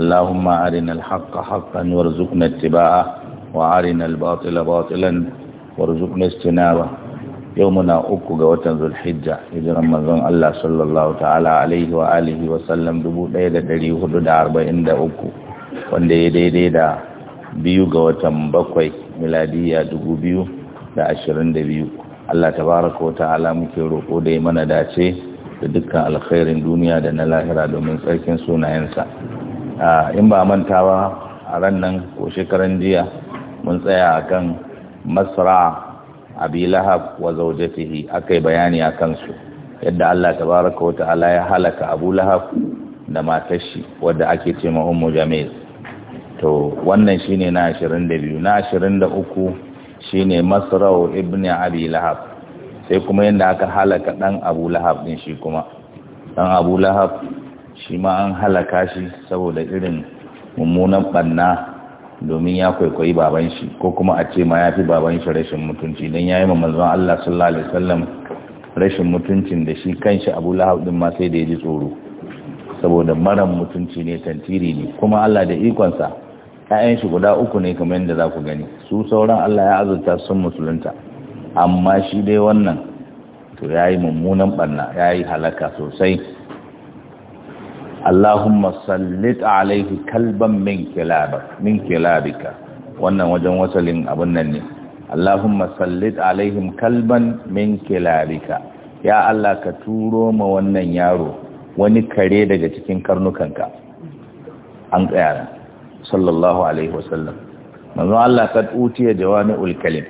اللهم أرنا الحق حقا وارزقنا اتباعه وأرنا الباطل باطلا وارزقنا اجتنابه يومنا أكو قوتا ذو الحجة إذن رمضان الله صلى الله تعالى عليه وآله وسلم دبو ليلة دليه دار بإن دا أكو وان دي دي دي دا biyu ga watan bakwai miladiya dubu biyu da ashirin da biyu Allah tabaraka wa ta'ala muke roƙo da ya mana dace da dukkan alkhairin duniya da na lahira domin tsarkin sunayensa in ba manta ba a ran nan ko shekaran jiya mun tsaya akan masra abi lahab wa zaujatihi akai bayani akan su yadda Allah tabaraka wa ta'ala ya halaka abu lahab da matar shi wadda ake ce ma ummu jamil to wannan shine na 22 na 23 shine masra ibn abi lahab sai kuma yadda aka halaka dan abu lahab din shi kuma dan abu lahab shi ma an halaka shi saboda irin mummunan ɓanna domin ya kwaikwayi baban shi ko kuma a ce ma ya fi baban shi rashin mutunci don ya yi ma manzon Allah sallallahu alaihi wasallam rashin mutuncin da shi kan shi Abu Lahab din ma sai da ya ji tsoro saboda maran mutunci ne tantiri ne kuma Allah da ikonsa ƴaƴan shi guda uku ne kamar yadda za ku gani su sauran Allah ya azurta sun musulunta amma shi dai wannan to ya yi mummunan ɓanna ya yi halaka sosai Allahumma sallit alaihi kalban min kilabak min kilabika wannan wajen wasalin abun nan ne Allahumma sallit alaihim kalban min kilabika ya Allah ka turo ma wannan yaro wani kare daga cikin karnukanka an tsaya sallallahu alaihi wasallam manzo Allah kad utiya jawami'ul kalim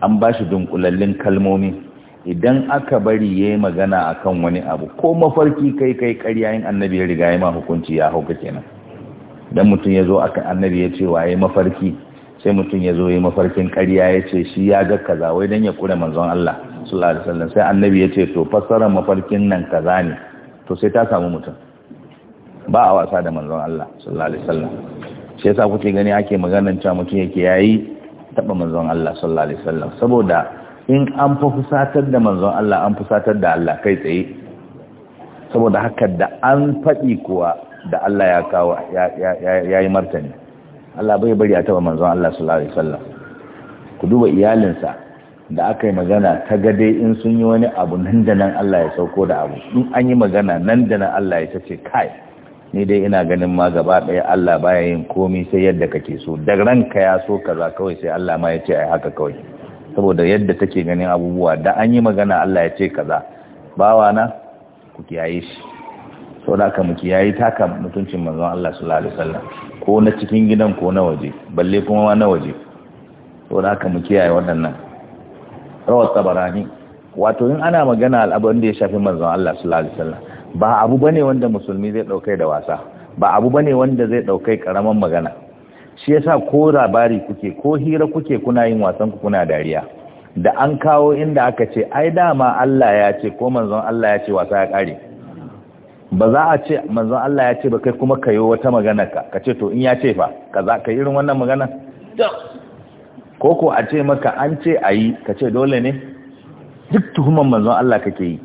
an bashi dunkulallin kalmomi idan aka bari ya yi magana a kan wani abu ko mafarki kai kai karya yin annabi ya riga ya ma hukunci ya hau kake kenan Idan mutum ya zo aka annabi ya ce waye mafarki sai mutum ya zo ya mafarkin karya ya ce shi ya ga kaza wai dan ya kure manzon Allah sallallahu alaihi wasallam sai annabi ya ce to fassara mafarkin nan kaza ne to sai ta samu mutum ba a wasa da manzon Allah sallallahu alaihi wasallam sai yasa kuke gani ake maganar cewa mutum yake yayi taba manzon Allah sallallahu alaihi wasallam saboda in an fusatar da manzon Allah an fusatar da Allah kai tsaye saboda haka da an faɗi kuwa da Allah ya kawo ya yi martani Allah bai bari a taba manzon Allah sallallahu alaihi wasallam ku duba iyalinsa da aka yi magana ta gade in sun yi wani abu nan da nan Allah ya sauko da abu in an yi magana nan da nan Allah ya tace kai ni dai ina ganin ma gaba ɗaya Allah baya yin komai sai yadda kake so da ranka ya so kaza kawai sai Allah ma ya ce ai haka kawai saboda yadda take ganin abubuwa da an yi magana Allah ya ce kaza bawa na ku kiyaye shi sau da aka mu kiyaye taka mutuncin manzon Allah sallallahu alaihi wasallam ko na cikin gidan ko na waje balle kuma ma na waje sau da aka mu kiyaye waɗannan rawar tabarani wato in ana magana al'abarin da ya shafi manzon Allah sallallahu alaihi wasallam ba abu bane wanda musulmi zai ɗaukai da wasa ba abu bane wanda zai ɗaukai karaman magana shi ya sa ko labari kuke ko hira kuke kuna yin wasan kuna dariya da an kawo inda aka ce ai dama Allah ya ce ko manzon Allah ya ce wasa ya kare ba za a ce manzon Allah ya ce ba kai kuma kayo wata magana ka kace to in ya ce fa kaza ka irin wannan magana ko ko a ce maka an ce ayi kace dole ne duk tuhuman manzon Allah kake yi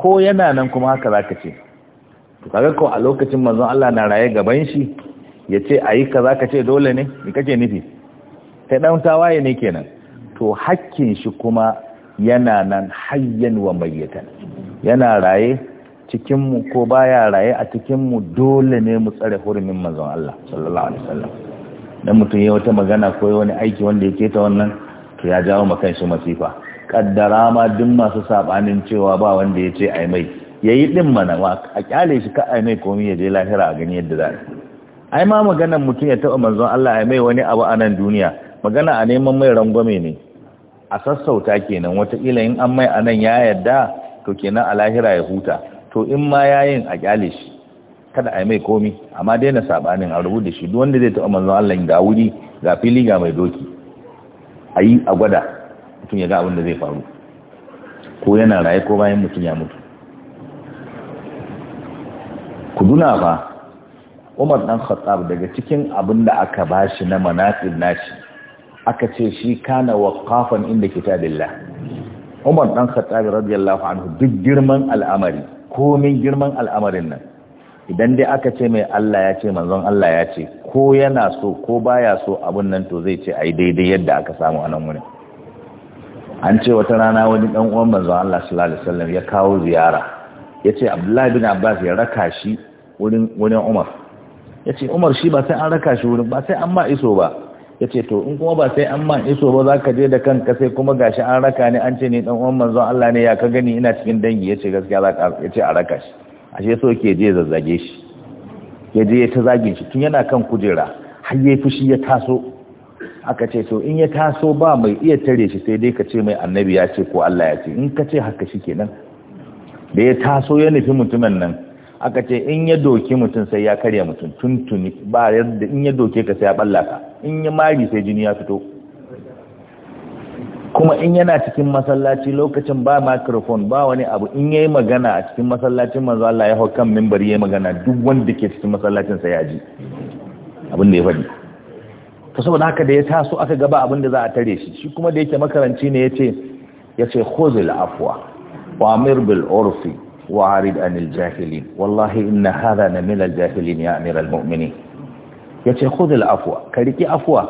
ko yana nan kuma haka zaka ce kaga ko a lokacin manzon Allah na raye gaban shi ya ce a yi za ka ce dole ne ni kake nufi ta dan tawaye ne kenan to hakkin shi kuma yana nan hayyan wa mayyatan yana raye cikin ko baya raye a cikin mu dole ne mu tsare hurumin mazan Allah sallallahu alaihi wasallam dan mutum ya wata magana ko wani aiki wanda yake ta wannan to ya jawo makan shi masifa kaddara ma duk masu sabanin cewa ba wanda ya ce ai mai yayi din mana a kyale shi ka ai mai komai ya je lahira a gani yadda za ai ma maganan mutum ya taɓa manzon Allah ya mai wani abu a nan duniya magana a neman mai rangwame ne a sassauta kenan wataƙila in an mai a nan ya yarda to kenan a lahira ya huta to in ma yayin a kyale shi kada a mai komi amma daina saɓanin a rubuta shi duk wanda zai taɓa manzon Allah ga wuri ga fili ga mai doki a yi a gwada mutum ya ga abin da zai faru ko yana raye ko bayan mutum ya mutu ku duna fa Umar Ɗan Khattab daga cikin abin da aka shi na manatsin nashi aka ce shi kana waqafan inda kitabillah Umar Ɗan Khattab radiyallahu anhu duk girman al'amari komai girman al'amarin nan idan dai aka ce mai Allah ya ce manzon Allah ya ce ko yana so ko baya so abun nan to zai ce a yi daidai yadda aka samu a nan wurin an ce wata rana wani dan uwan manzon Allah sallallahu alaihi wasallam ya kawo ziyara yace Abdullahi bin Abbas ya raka shi wurin wurin Umar ya ce umar shi ba sai an raka shi wurin ba sai an ma iso ba ya ce to in kuma ba sai an ma iso ba za ka je da kanka sai kuma gashi an raka ni an ce ni dan uwan manzon Allah ne ya ka gani ina cikin dangi ya ce gaskiya za ka ya ce a raka shi ashe so ke je zazzage shi ya je ta zagin shi tun yana kan kujera har ya fushi ya taso aka ce to in ya taso ba mai iya tare shi sai dai ka ce mai annabi ya ce ko Allah ya ce in ka ce haka shi kenan da ya taso ya nufi mutumin nan aka ce in ya doke mutum sai ya karya mutum tuntuni ba yadda in ya doke ka sai ya balla in ya mari sai jini ya fito kuma in yana cikin masallaci lokacin ba microphone ba wani abu in yayi magana a cikin masallacin manzo Allah ya hau kan minbari yayi magana duk wanda ke cikin masallacin sai ya ji abin da ya faɗi to saboda haka da ya taso aka gaba abin da za a tare shi shi kuma da yake makaranci ne yace yace khuzul afwa wa amir bil urfi وعارض عن الجاهلين والله إن هذا من الجاهلين يا أمير المؤمنين يتي خذ العفو كريكي عفو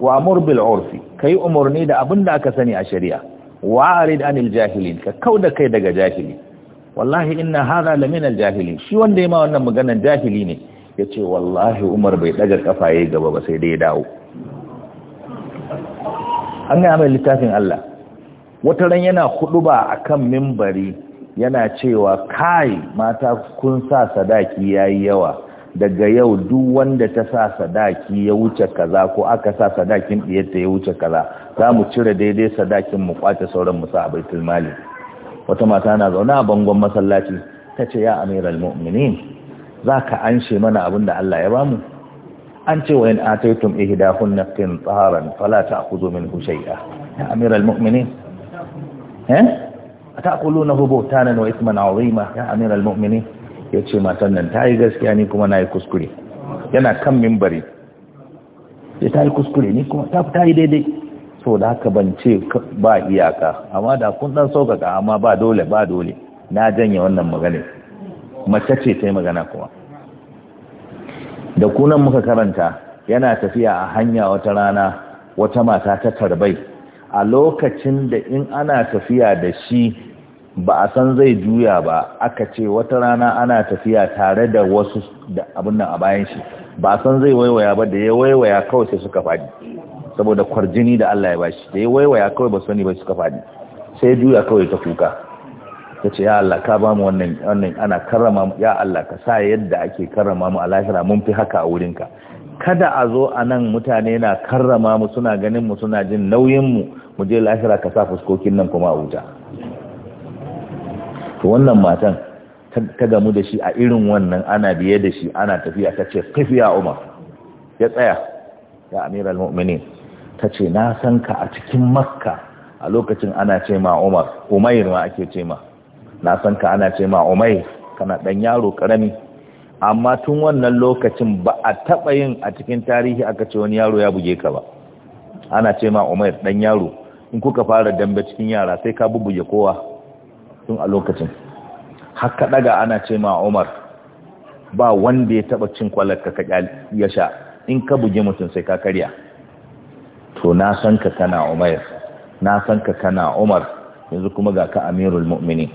وأمر بالعرف كي أمرني دا أبن دا كسني أشريا وعارض عن الجاهلين ككود كي دا جاهلين والله إن هذا لمن الجاهلين شي وان دي ما وانا مغانا جاهلين يتي والله أمر بيت لجر كفاية قبا بسيدي داو أنا أعمل لتافين الله wata ran yana huduba kan mimbari yana cewa kai mata kun sa sadaki yayi yawa daga yau duk wanda ta sa sadaki ya wuce kaza ko aka sa sadakin ta ya wuce kaza za mu cire daidai sadakin mu kwace sauran musa sa a baitul mali wata mata na zaune a bangon masallaci ta ce ya amiral mu'minin za ka anshe mana abin da Allah ya bamu an ce wa in ataitum ihdahunna qintaran fala ta'khudhu minhu shay'a ya amiral mu'minin Eh? ataqulunahu buhtanan wa isman azima ya amiral mu'minin yace matan nan tayi gaskiya ni kuma nayi kuskure yana kan minbari sai tayi kuskure ni kuma ta tayi daidai so da haka ban ce ba iyaka amma da kun dan saukaka amma ba dole ba dole na janye wannan magana mace ce tayi magana kuma da kunan muka karanta yana tafiya a hanya wata rana wata mata ta tarbai a lokacin da in ana tafiya da shi ba a san zai juya ba aka ce wata rana ana tafiya tare da wasu da abin nan a bayan shi ba a san zai waiwaya ba da ya waiwaya kawai sai suka fadi saboda kwarjini da Allah ya bashi da ya waiwaya kawai ba sani ba suka fadi sai juya kawai ta kuka ta ce ya Allah ka ba mu wannan wannan ana karrama ya Allah ka sa yadda ake karrama mu a lahira mun fi haka a wurinka kada a zo a nan mutane na karrama mu suna ganin mu suna jin nauyin mu mu je lahira ka sa fuskokin nan kuma a wuta to wannan matan ta gamu da shi a irin wannan ana biye da shi ana tafiya ta ce kafiya umar ya tsaya ya amiral mu'minin ta ce na san ka a cikin makka a lokacin ana ce ma umar umair ma ake ce ma na san ka ana ce ma umair kana dan yaro karami amma tun wannan lokacin ba a taɓa yin a cikin tarihi aka ce wani yaro ya buge ka ba ana ce ma umair dan yaro in kuka fara dambe cikin yara sai ka bubuje kowa tun a lokacin haka daga ana ce ma Umar ba wanda ya taba cin kwalar ka ka ya sha in ka buge mutum sai ka karya to na san ka kana Umar na san ka kana Umar yanzu kuma ga ka Amirul Mu'minin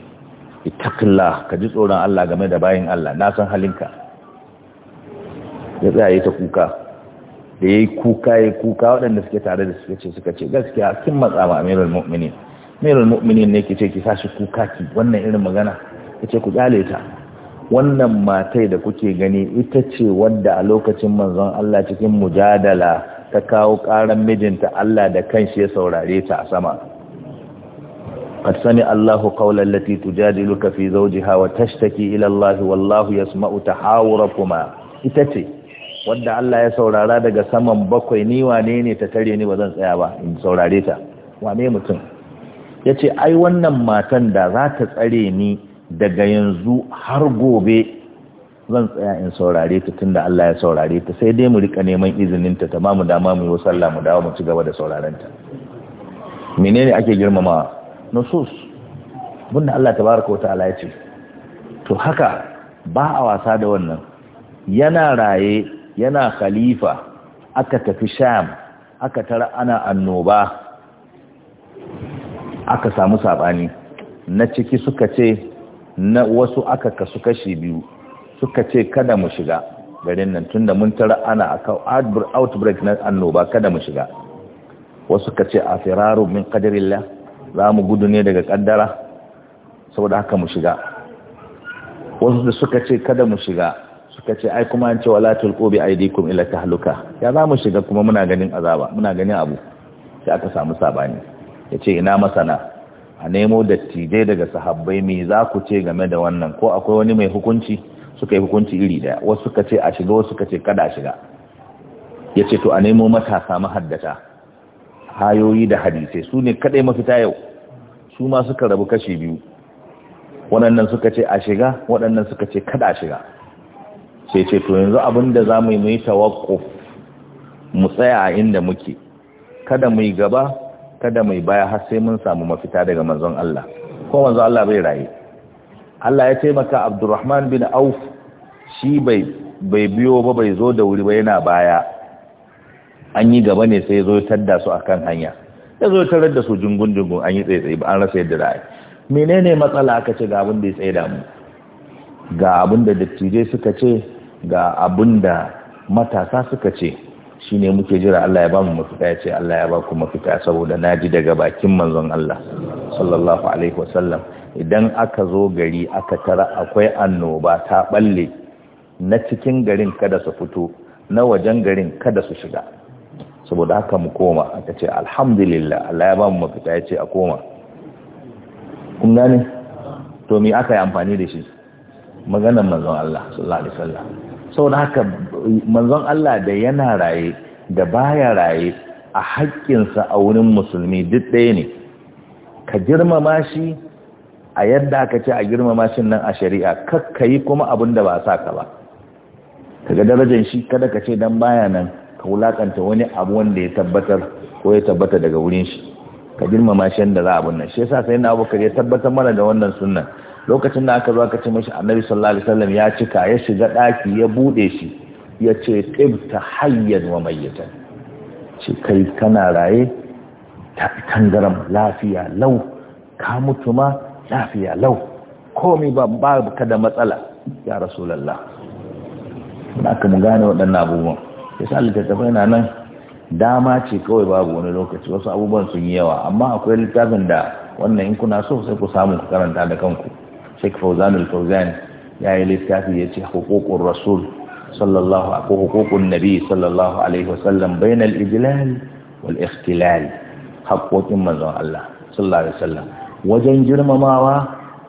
ittaqillah ka ji tsoron Allah game da bayin Allah na san halinka ya tsaya ta kuka da ya yi kuka ya kuka waɗanda suke tare da suka ce suka ce gaskiya kin matsa ma amirul mu'minin amirul mu'minin ne ce ki sashi kuka ki wannan irin magana kace ku kyale ta wannan matai da kuke gani ita ce wadda a lokacin manzon Allah cikin mujadala ta kawo ƙaran mijinta Allah da kanshi ya saurare ta a sama قد سمع الله قول التي تجادلك في زوجها وتشتكي إلى الله والله يسمع تحاوركما إتتي wanda Allah ya saurara daga saman bakwai ni wane ne ta tare ni ba zan tsaya ba in saurare ta wane mutum ya ce ai wannan matan da za ta tsare ni daga yanzu har gobe zan tsaya in saurare ta tunda Allah ya saurare ta sai dai mu rika neman izininta ta ta mu dama mu yi wasu Allah mu dawo mu ci gaba da sauraren ta menene ake girmamawa nusus bunda Allah baraka wata ta'ala ya ce to haka ba a wasa da wannan yana raye yana khalifa aka tafi sham aka tara ana annoba aka samu sabani na ciki suka ce na wasu aka kasu kashi biyu suka ce kada mu shiga garin nan tunda mun tara ana aka outbreak na annoba kada mu shiga wasu ka ce a firaru min kadirillah za mu gudu ne daga kaddara saboda haka mu shiga wasu da suka ce kada mu shiga suka ce ai kuma an ce wala tulqu bi aidikum ila tahluka ya zamu shiga kuma muna ganin azaba muna ganin abu sai aka samu sabani yace ina masana a nemo dattijai daga sahabbai me za ku ce game da wannan ko akwai wani mai hukunci suka yi hukunci iri daya wasu suka ce a shiga wasu suka ce kada shiga yace to a nemo matasa mahaddata hayoyi da hadisai su ne kadai mafita yau su ma suka rabu kashi biyu waɗannan suka ce a shiga waɗannan suka ce kada shiga sai ce to yanzu abin da za mu yi mai tawakuf mu tsaya a inda muke kada mai gaba kada mai baya har sai mun samu mafita daga manzon Allah ko manzon Allah bai raye Allah ya taimaka Abdurrahman bin Auf shi bai bai biyo ba bai zo da wuri ba yana baya an yi gaba ne sai ya zo ya tadda su akan hanya ya zo ya tarar da su jungun jungun an yi tsaye ba an rasa yadda ai menene matsala aka ce ga abin da ya tsaye da mu ga abin da dattijai suka ce ga abin da matasa suka ce shi ne muke jira Allah ya ba mu mafita ya ce Allah ya ba ku mafita saboda na ji daga bakin manzon Allah sallallahu alaihi wasallam idan aka zo gari aka tara akwai annoba ta balle na cikin garin kada su fito na wajen garin kada su shiga saboda haka mu koma aka ce alhamdulillah Allah ya ba mu mafita ya ce a koma kun gane to me aka yi amfani da shi maganar manzon Allah sallallahu alaihi wasallam saboda haka manzon Allah da yana raye da baya raye a haƙƙinsa a wurin musulmi duk ɗaya ne ka girmama shi a yadda aka ce a girmama shi nan a shari'a kakka yi kuma abin da ba sa ka ba kaga darajar shi kada ka ce dan baya nan ka wulakanta wani abu wanda ya tabbatar ko ya tabbata daga wurin shi ka girmama shi yadda za a nan shi yasa sai na abubakar ya tabbatar mana da wannan sunan. lokacin da aka zo aka ce mashi annabi sallallahu alaihi wasallam ya cika ya shiga daki ya bude shi ya ce tibta hayyan wa mayyitan ce kai kana raye ta tangaram lafiya lau ka mutu ma lafiya lau komai ba ba ka da matsala ya rasulullah na ka mu gane waɗannan abubuwan yasa littattafai na nan dama ce kawai babu wani lokaci wasu abubuwan sun yi yawa amma akwai littafin da wannan in kuna so sai ku samu ku karanta da kanku Sheikh Fauzan al-Fauzan ya yi littafi ya ce hukukun rasul sallallahu a hukukun nabi sallallahu alaihi wasallam bainal ijlal wal ikhtilal haƙoƙin manzon Allah sallallahu alaihi wasallam wajen girmamawa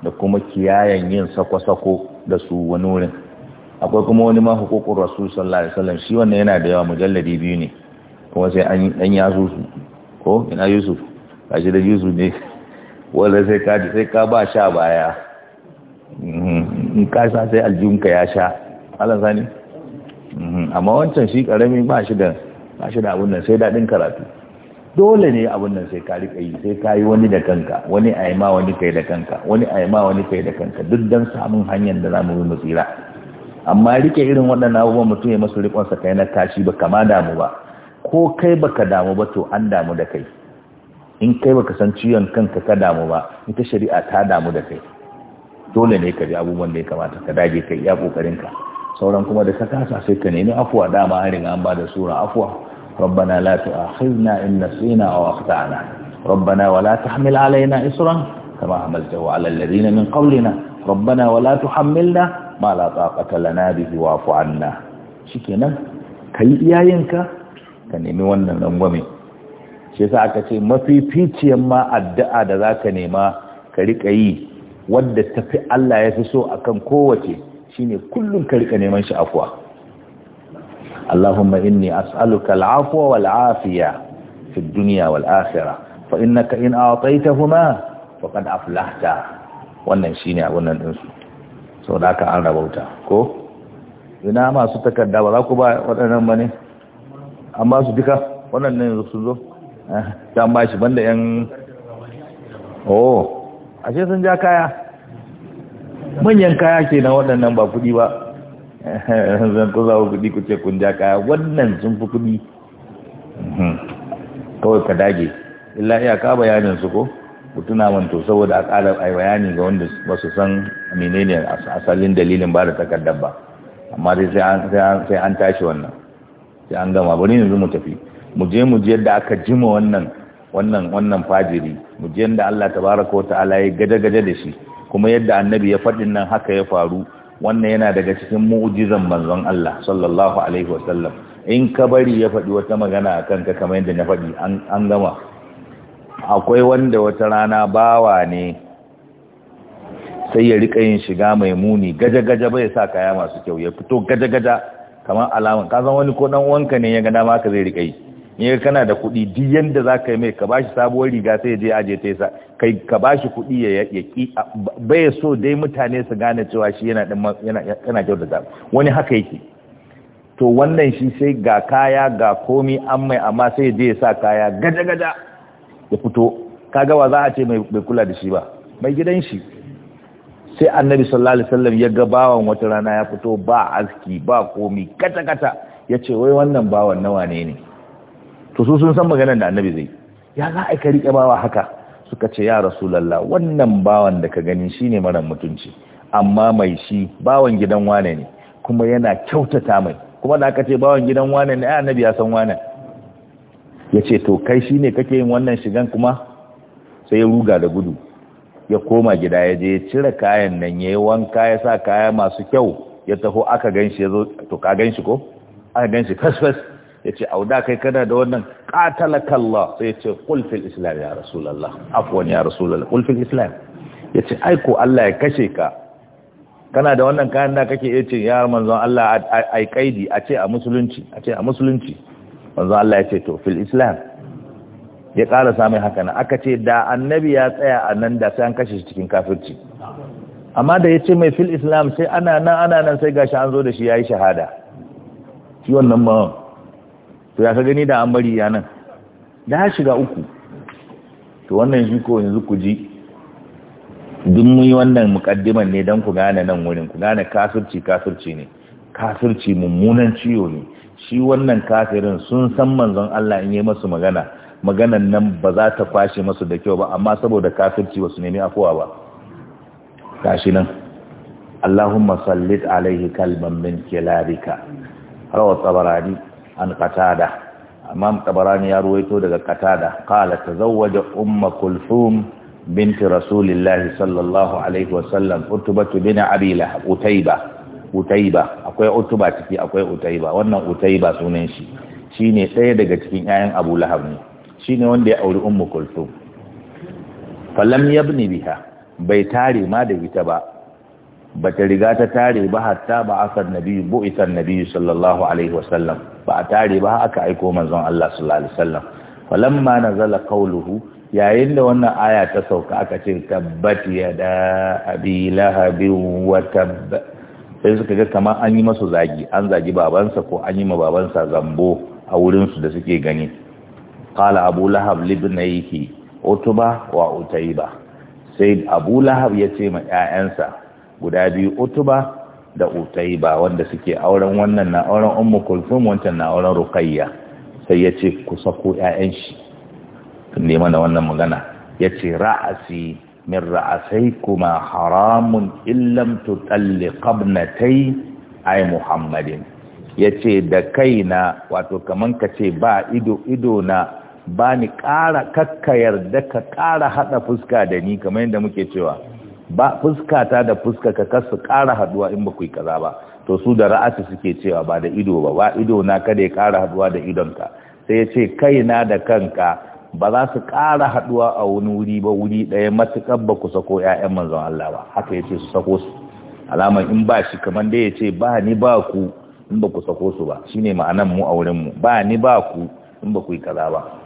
da kuma kiyayen yin sako-sako da su wani wurin akwai kuma wani ma hukukun rasul sallallahu alaihi wasallam shi wannan yana da yawa mujalladi biyu ne kuma sai an dan su ko ina Yusuf shi da Yusuf ne wanda sai ka ba sha baya in kasa sai aljihunka ya sha alan sani mhm. amma wancan shi karamin ba shi da ba abun nan sai daɗin karatu dole ne abun nan sai ka rika yi sai ka yi wani da kanka wani a wani kai da kanka wani a wani kai da kanka duk dan samun hanyar da zamu mu tsira amma rike irin waɗannan abubuwan mutum ya masu rikonsa kai na tashi ba kama damu ba ko kai baka damu ba to an damu da kai in kai baka san ciwon kanka ka damu ba ita shari'a ta damu da kai dole ne ka bi abubuwan da ya kamata ka dage ka iya kokarin ka sauran kuma da ka kasa sai ka nemi afuwa dama an riga an bada sura afuwa rabbana la tu'akhidna in nasina aw akhtana rabbana wa la tahmil alaina isran kama hamaltahu ala alladhina min qablina rabbana wa la tuhammilna ma la taqata lana bihi wa'fu anna shikenan kai iyayenka ka nemi wannan rangwame sai sa aka ce mafificiyan ma addu'a da zaka nema ka rika yi wadda ta fi Allah ya fi so a kan kowace shi ne kullum ka rika neman shi afwa Allahumma inni as'aluka al'afwa wal afiya fi dunya wal akhirah fa innaka in a'taytahuma faqad aflahta wannan shine nan din su saboda haka an rabauta ko ina masu takarda ba za ku ba waɗannan ba ne an ba su duka waɗannan yanzu su zo eh, ta ba shi banda yan oh ashe sun ja kaya manyan kaya ke na waɗannan ba kuɗi ba zan ku zawo kuɗi ku ce kun ja kaya wannan sun fi kuɗi mhm. kawai ka dage illa iyaka bayanin su ko ku tuna manto saboda a ƙara a bayani ga wanda ba su san menene asalin dalilin ba da takardar ba amma sai an tashi wannan sai an gama bari yanzu mu tafi mu je mu je yadda aka jima wannan wannan wannan fajiri mu ji yadda Allah tabaraka wa ta'ala ya gaje-gaje da shi kuma yadda annabi ya faɗin nan haka ya faru wannan yana daga cikin mu'jizan manzon Allah sallallahu alaihi wasallam in ka bari ya faɗi wata magana akan ka kamar yadda na faɗi an gama akwai wanda wata rana bawa ne sai ya rika yin shiga mai muni gaje-gaje bai sa kaya masu kyau ya fito gaje-gaje kamar alaman san wani ko dan wanka ne ya ga dama ka zai rika yi in kana da kuɗi duk yanda za ka yi mai ka ba shi sabuwar riga sai je aje ta yasa kai ka ba shi kuɗi ya yaƙi bai so dai mutane su gane cewa shi yana yana da za wani haka yake to wannan shi sai ga kaya ga komi an mai amma sai je ya sa kaya gaja gaja ya fito kaga ba za a ce mai kula da shi ba mai gidan shi sai annabi sallallahu alaihi wasallam ya ga bawan wata rana ya fito ba aski ba komi kata kata ce wai wannan bawan nawa ne ne to su sun san maganar da annabi zai ya za a ka riƙe bawa haka suka ce ya rasulallah wannan bawan da ka gani shine mara mutunci amma mai shi bawan gidan wane ne kuma yana kyautata mai kuma da aka ce bawan gidan wane ne annabi ya san wane ya ce to kai shine kake yin wannan shigan kuma sai ya ruga da gudu ya koma gida ya je cire kayan nan ya yi wanka ya sa kaya masu kyau ya taho aka ganshi ya zo to ka ganshi ko aka ganshi shi ya ce auda kai kana da wannan katalakallah sai ya ce kulfil islam ya rasulallah afuwan ya rasulallah kulfil islam ya ce aiko Allah ya kashe ka kana da wannan kayan da kake ya ce ya manzon Allah a kaidi a ce a musulunci a ce a musulunci manzon Allah ya ce to fil islam ya ƙara sami haka na aka ce da annabi ya tsaya a nan da sai an kashe shi cikin kafirci amma da ya ce mai fil islam sai ana nan ana nan sai gashi an zo da shi ya yi shahada shi wannan ma to ya ka gani da an bari yanan da shiga uku to wannan shi ko yanzu ku ji duk mun yi wannan mukaddiman ne don ku gane nan wurin ku gane kafirci kafirci ne kafirci mummunan ciwo ne shi wannan kafirin sun san manzon Allah in yi masu magana maganan nan ba za ta kwashe masu da kyau ba amma saboda kafirci ba su nemi afuwa ba kashi nan Allahumma sallit alaihi kalban min kilabika rawa tabarani an katada imam tabarani ya ruwaito daga katada qala tazawwaja umma kulthum binti rasulillah sallallahu alaihi wasallam utubatu bin abila utaiba Utaiba akwai Utuba ciki akwai Utaiba wannan Utaiba sunan shi shine ɗaya daga cikin ƴaƴan Abu Lahab ne shine wanda ya auri Ummu Kulthum falam yabni biha bai tare ma da ita ba bata riga ta tare ba hatta ba asar nabi bu isan nabi sallallahu alaihi wasallam ba a tare ba aka aiko manzon Allah sallallahu alaihi wasallam falamma nazala qawluhu yayin da wannan aya ta sauka aka ce tabbat da abi lahabin wa tab sai suka ga kamar an yi masa zagi an zagi babansa ko an yi ma babansa zambo a wurinsu da suke gani qala abu lahab libnayhi utuba wa utayba sai abu lahab ya ce ma ƴaƴansa guda biyu utuba da ba wanda suke auren wannan na auren ummu kulthum wancan na auren ruqayya sai yace ku sako ƴaƴan shi ne mana wannan magana yace ra'asi min ra'asai kuma haramun illan tutalliq ibnatay ay muhammadin yace da kaina wato kaman kace ba ido ido na ba ni ƙara kakka yarda ka ƙara haɗa fuska da ni kamar yadda muke cewa ba fuskata da fuska ka kasu kara haduwa in ba ku yi kaza ba to su da ra'asi suke cewa ba da ido ba ba ido na kada ya kara haduwa da idon ka, sai ya ce kai na da kanka ba za su kara haduwa a wani wuri ba wuri ɗaya matuƙar ba ku sako ƴaƴan manzon Allah ba haka ya ce su sako su alaman in ba shi kamar dai ya ce ba ni ba ku in ba ku sako su ba shine ma'anan mu a wurin mu ba ni ba ku in ba ku yi kaza ba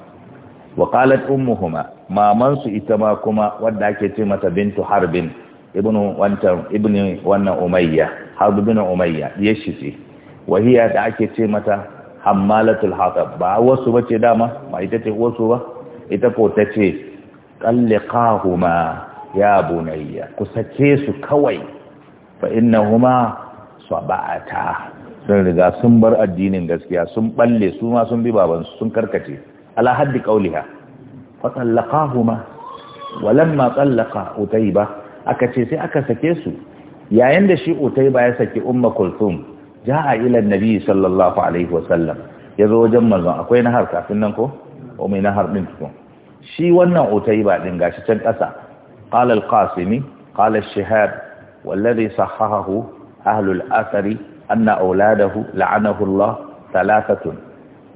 wa qalat ummuhuma maman su ita ma kuma wanda ake ce mata bintu harbin ibnu wantan ibni wannan umayya harb bin umayya yashi ce wa hiya da ake ce mata hammalatul hatab ba wasu bace dama ba ita ce wasu ba ita ko ta ce qalliqahuma ya bunayya ku sace su kawai fa innahuma sabata sun riga sun bar addinin gaskiya sun balle su ma sun bi babansu sun karkace ala haddi qauliha fa tallaqahuma walamma tallaqa utayba aka ce sai aka sake su yayin da shi utayba ya saki umma kulthum jaa ila annabi sallallahu alaihi wasallam yazo wajen manzon akwai nahar kafin nan ko o mai nahar din tukun shi wannan utayba din gashi can kasa qala al-qasimi qala ash-shihab Ahlul Asari, أهل الأثر أن أولاده لعنه الله ثلاثة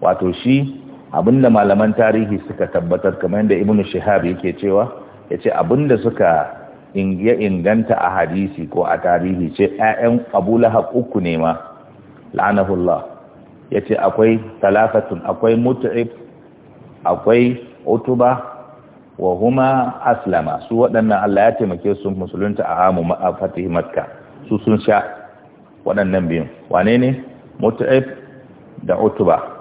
وتشي abinda malaman tarihi suka tabbatar kamar yadda ibnu shihab yake cewa yace abinda suka ya inganta a hadisi ko a tarihi ce ƴaƴan Abu Lahab uku ne ma la'anahullah yace akwai talafatun akwai mut'ib akwai utuba wa huma aslama su waɗannan Allah ya taimake su musulunta a amu a fatih su sun sha waɗannan biyun wane ne mut'ib da utuba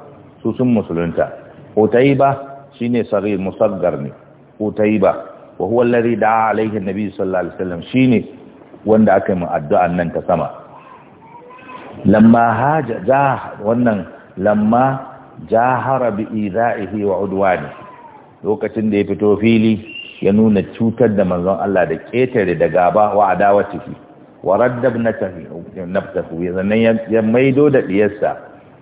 su sun musulunta utaiba shine sarir musaggar ne utaiba wa huwa alladhi da'a alaihi annabi sallallahu alaihi wasallam shine wanda aka yi addu'an nan ta sama lamma haja wannan lamma jahara bi idaihi wa udwani lokacin da ya fito fili ya nuna cutar da manzon Allah da ketare da gaba wa adawatihi wa raddabna tafi naftahu ya zannan ya maido da diyarsa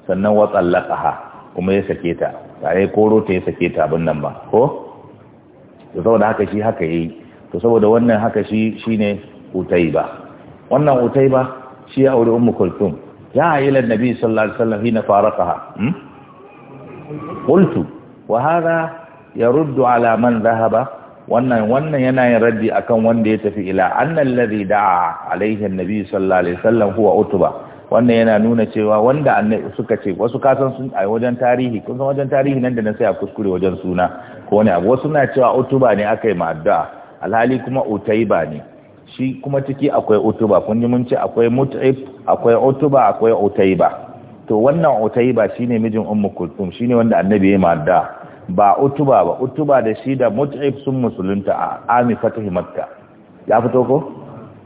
sannan wa tsallaqaha kuma ya sake ta ba ya koro ta ya sake ta abin nan ba ko to saboda haka shi haka yayi to saboda wannan haka shi shine utaiba wannan utaiba shi ya aure ummu kulthum ya ila annabi sallallahu alaihi wasallam hina faraqaha hmm? qultu wa hadha yaruddu ala man dhahaba wannan wannan yana yin raddi akan wanda ya tafi ila annal ladhi da'a alaihi annabi sallallahu alaihi wasallam huwa utba wannan yana nuna cewa wanda annabi suka ce wasu kasan sun a wajen tarihi kun san wajen tarihi nan da na sai a kuskure wajen suna ko wani abu wasu na cewa utuba ne aka yi ma'adda alhali kuma otaiba ne shi kuma ciki akwai utuba kun ji mun ce akwai mut'if akwai utuba akwai utaiba to wannan utaiba shine mijin ummu kulthum shine wanda annabi ya ma'adda ba utuba ba utuba da shi da mut'if sun musulunta a ami fatahi makka ya fito ko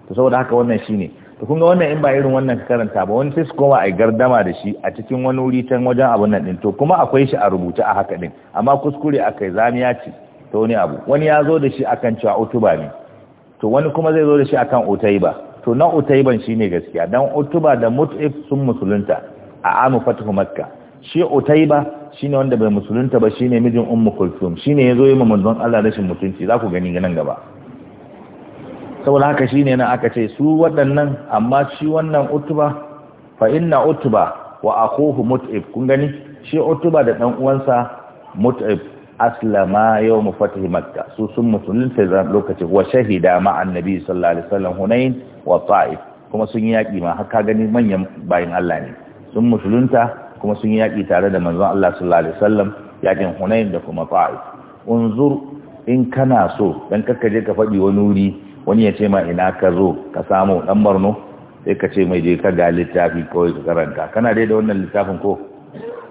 to saboda haka wannan shine to kun wannan in ba irin wannan ka karanta ba wani sai su koma a gardama da shi a cikin wani wuri ta wajen abun nan din to kuma akwai shi a rubuce a haka din amma kuskure a kai zamiya ce to wani abu wani ya zo da shi akan cewa utuba ne to wani kuma zai zo da shi akan otaiba to na utaiban shine gaskiya dan utuba da mut'if sun musulunta a amu fatuhu makka shi ba shine wanda bai musulunta ba shine mijin ummu kulsum shine yazo yi manzon Allah rashin mutunci za ku gani nan gaba saboda haka shine nan aka ce su waɗannan amma shi wannan utuba fa inna utuba wa akuhu mut'ib kun gani shi utuba da dan uwansa mut'ib aslama mu fath makka su sun musulunta da lokaci wa shahida ma annabi sallallahu alaihi wasallam hunain wa ta'if kuma sun yi yaki ma haka gani manyan bayin Allah ne sun musulunta kuma sun yi yaki tare da manzon Allah sallallahu alaihi wasallam yakin hunain da kuma ta'if unzur in kana so dan kakkaje ka faɗi wani wuri wani ya ce ma ina ka zo ka samu dan barno sai ka ce mai je ka ga littafi kawai ka karanta kana dai da wannan littafin ko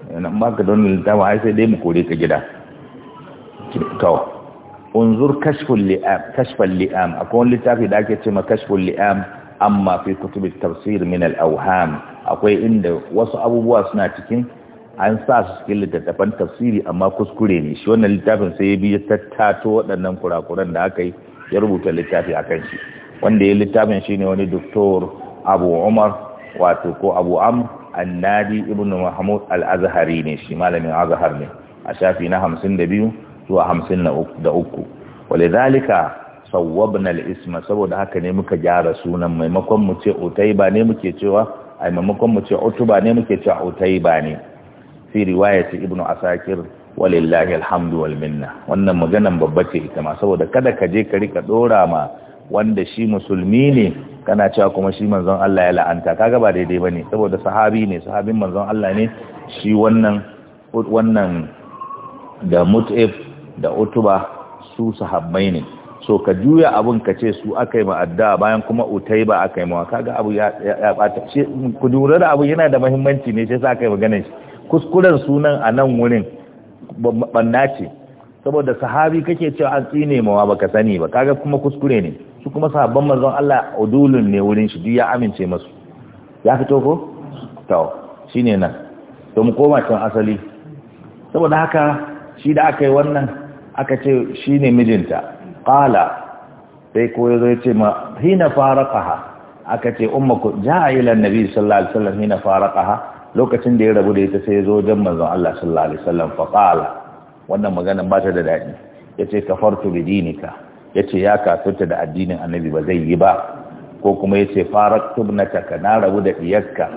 yana ba ka da wannan littafin ai sai dai mu kore ka gida to unzur kashful li'am kashfal li'am akwai wani littafi da ake ce ma kashful li'am amma fi kutubit tafsir min al-awham akwai inda wasu abubuwa suna cikin an sa su cikin littattafan tafsiri amma kuskure ne shi wannan littafin sai ya bi ya tattato waɗannan kurakuran da aka yi ya rubuta littafi a kan shi wanda ya littafin shi ne wani doktor abu umar wato ko abu am annadi ibn mahmud al-azhari ne shi malamin azhar ne a shafi na 52 zuwa 53 walidhalika sawwabna al-isma saboda haka ne muka gyara sunan maimakon mu ce utayba ne muke cewa ai maimakon mu ce utuba ne muke cewa utayba ne fi riwayati ibn asakir walillahi alhamdu wal minna wannan maganan babba ce ita ma saboda kada ka je ka rika dora ma wanda shi musulmi ne kana cewa kuma shi manzon Allah ya la'anta kaga ba daidai bane saboda sahabi ne sahabin manzon Allah ne shi wannan wannan da mut'if da utuba su sahabbai ne so ka juya abun ka ce su aka yi ma addu'a bayan kuma utai aka yi ma kaga abu ya ya bata ku lura da abu yana da muhimmanci ne sai sa aka maganar shi kuskuren sunan a nan wurin banna ce saboda sahabi kake cewa an tsine mawa ba ka sani ba kaga kuma kuskure ne su kuma sahabban manzon Allah udulun ne wurin shi duk ya amince masu ya fito ko to shine nan to mu koma cikin asali saboda haka shi da aka yi wannan aka ce shine mijinta qala sai ko yazo ce ma hina faraqaha aka ce ummuku ja'a ila annabi sallallahu alaihi wasallam hina faraqaha lokacin da ya rabu da ita sai ya zo wajen manzon Allah sallallahu alaihi wasallam fa qala wannan magana ba ta da dadi yace kafartu bi dinika yace ya kafirta da addinin annabi ba zai yi ba ko kuma yace faraktu ibnataka na rabu da iyakka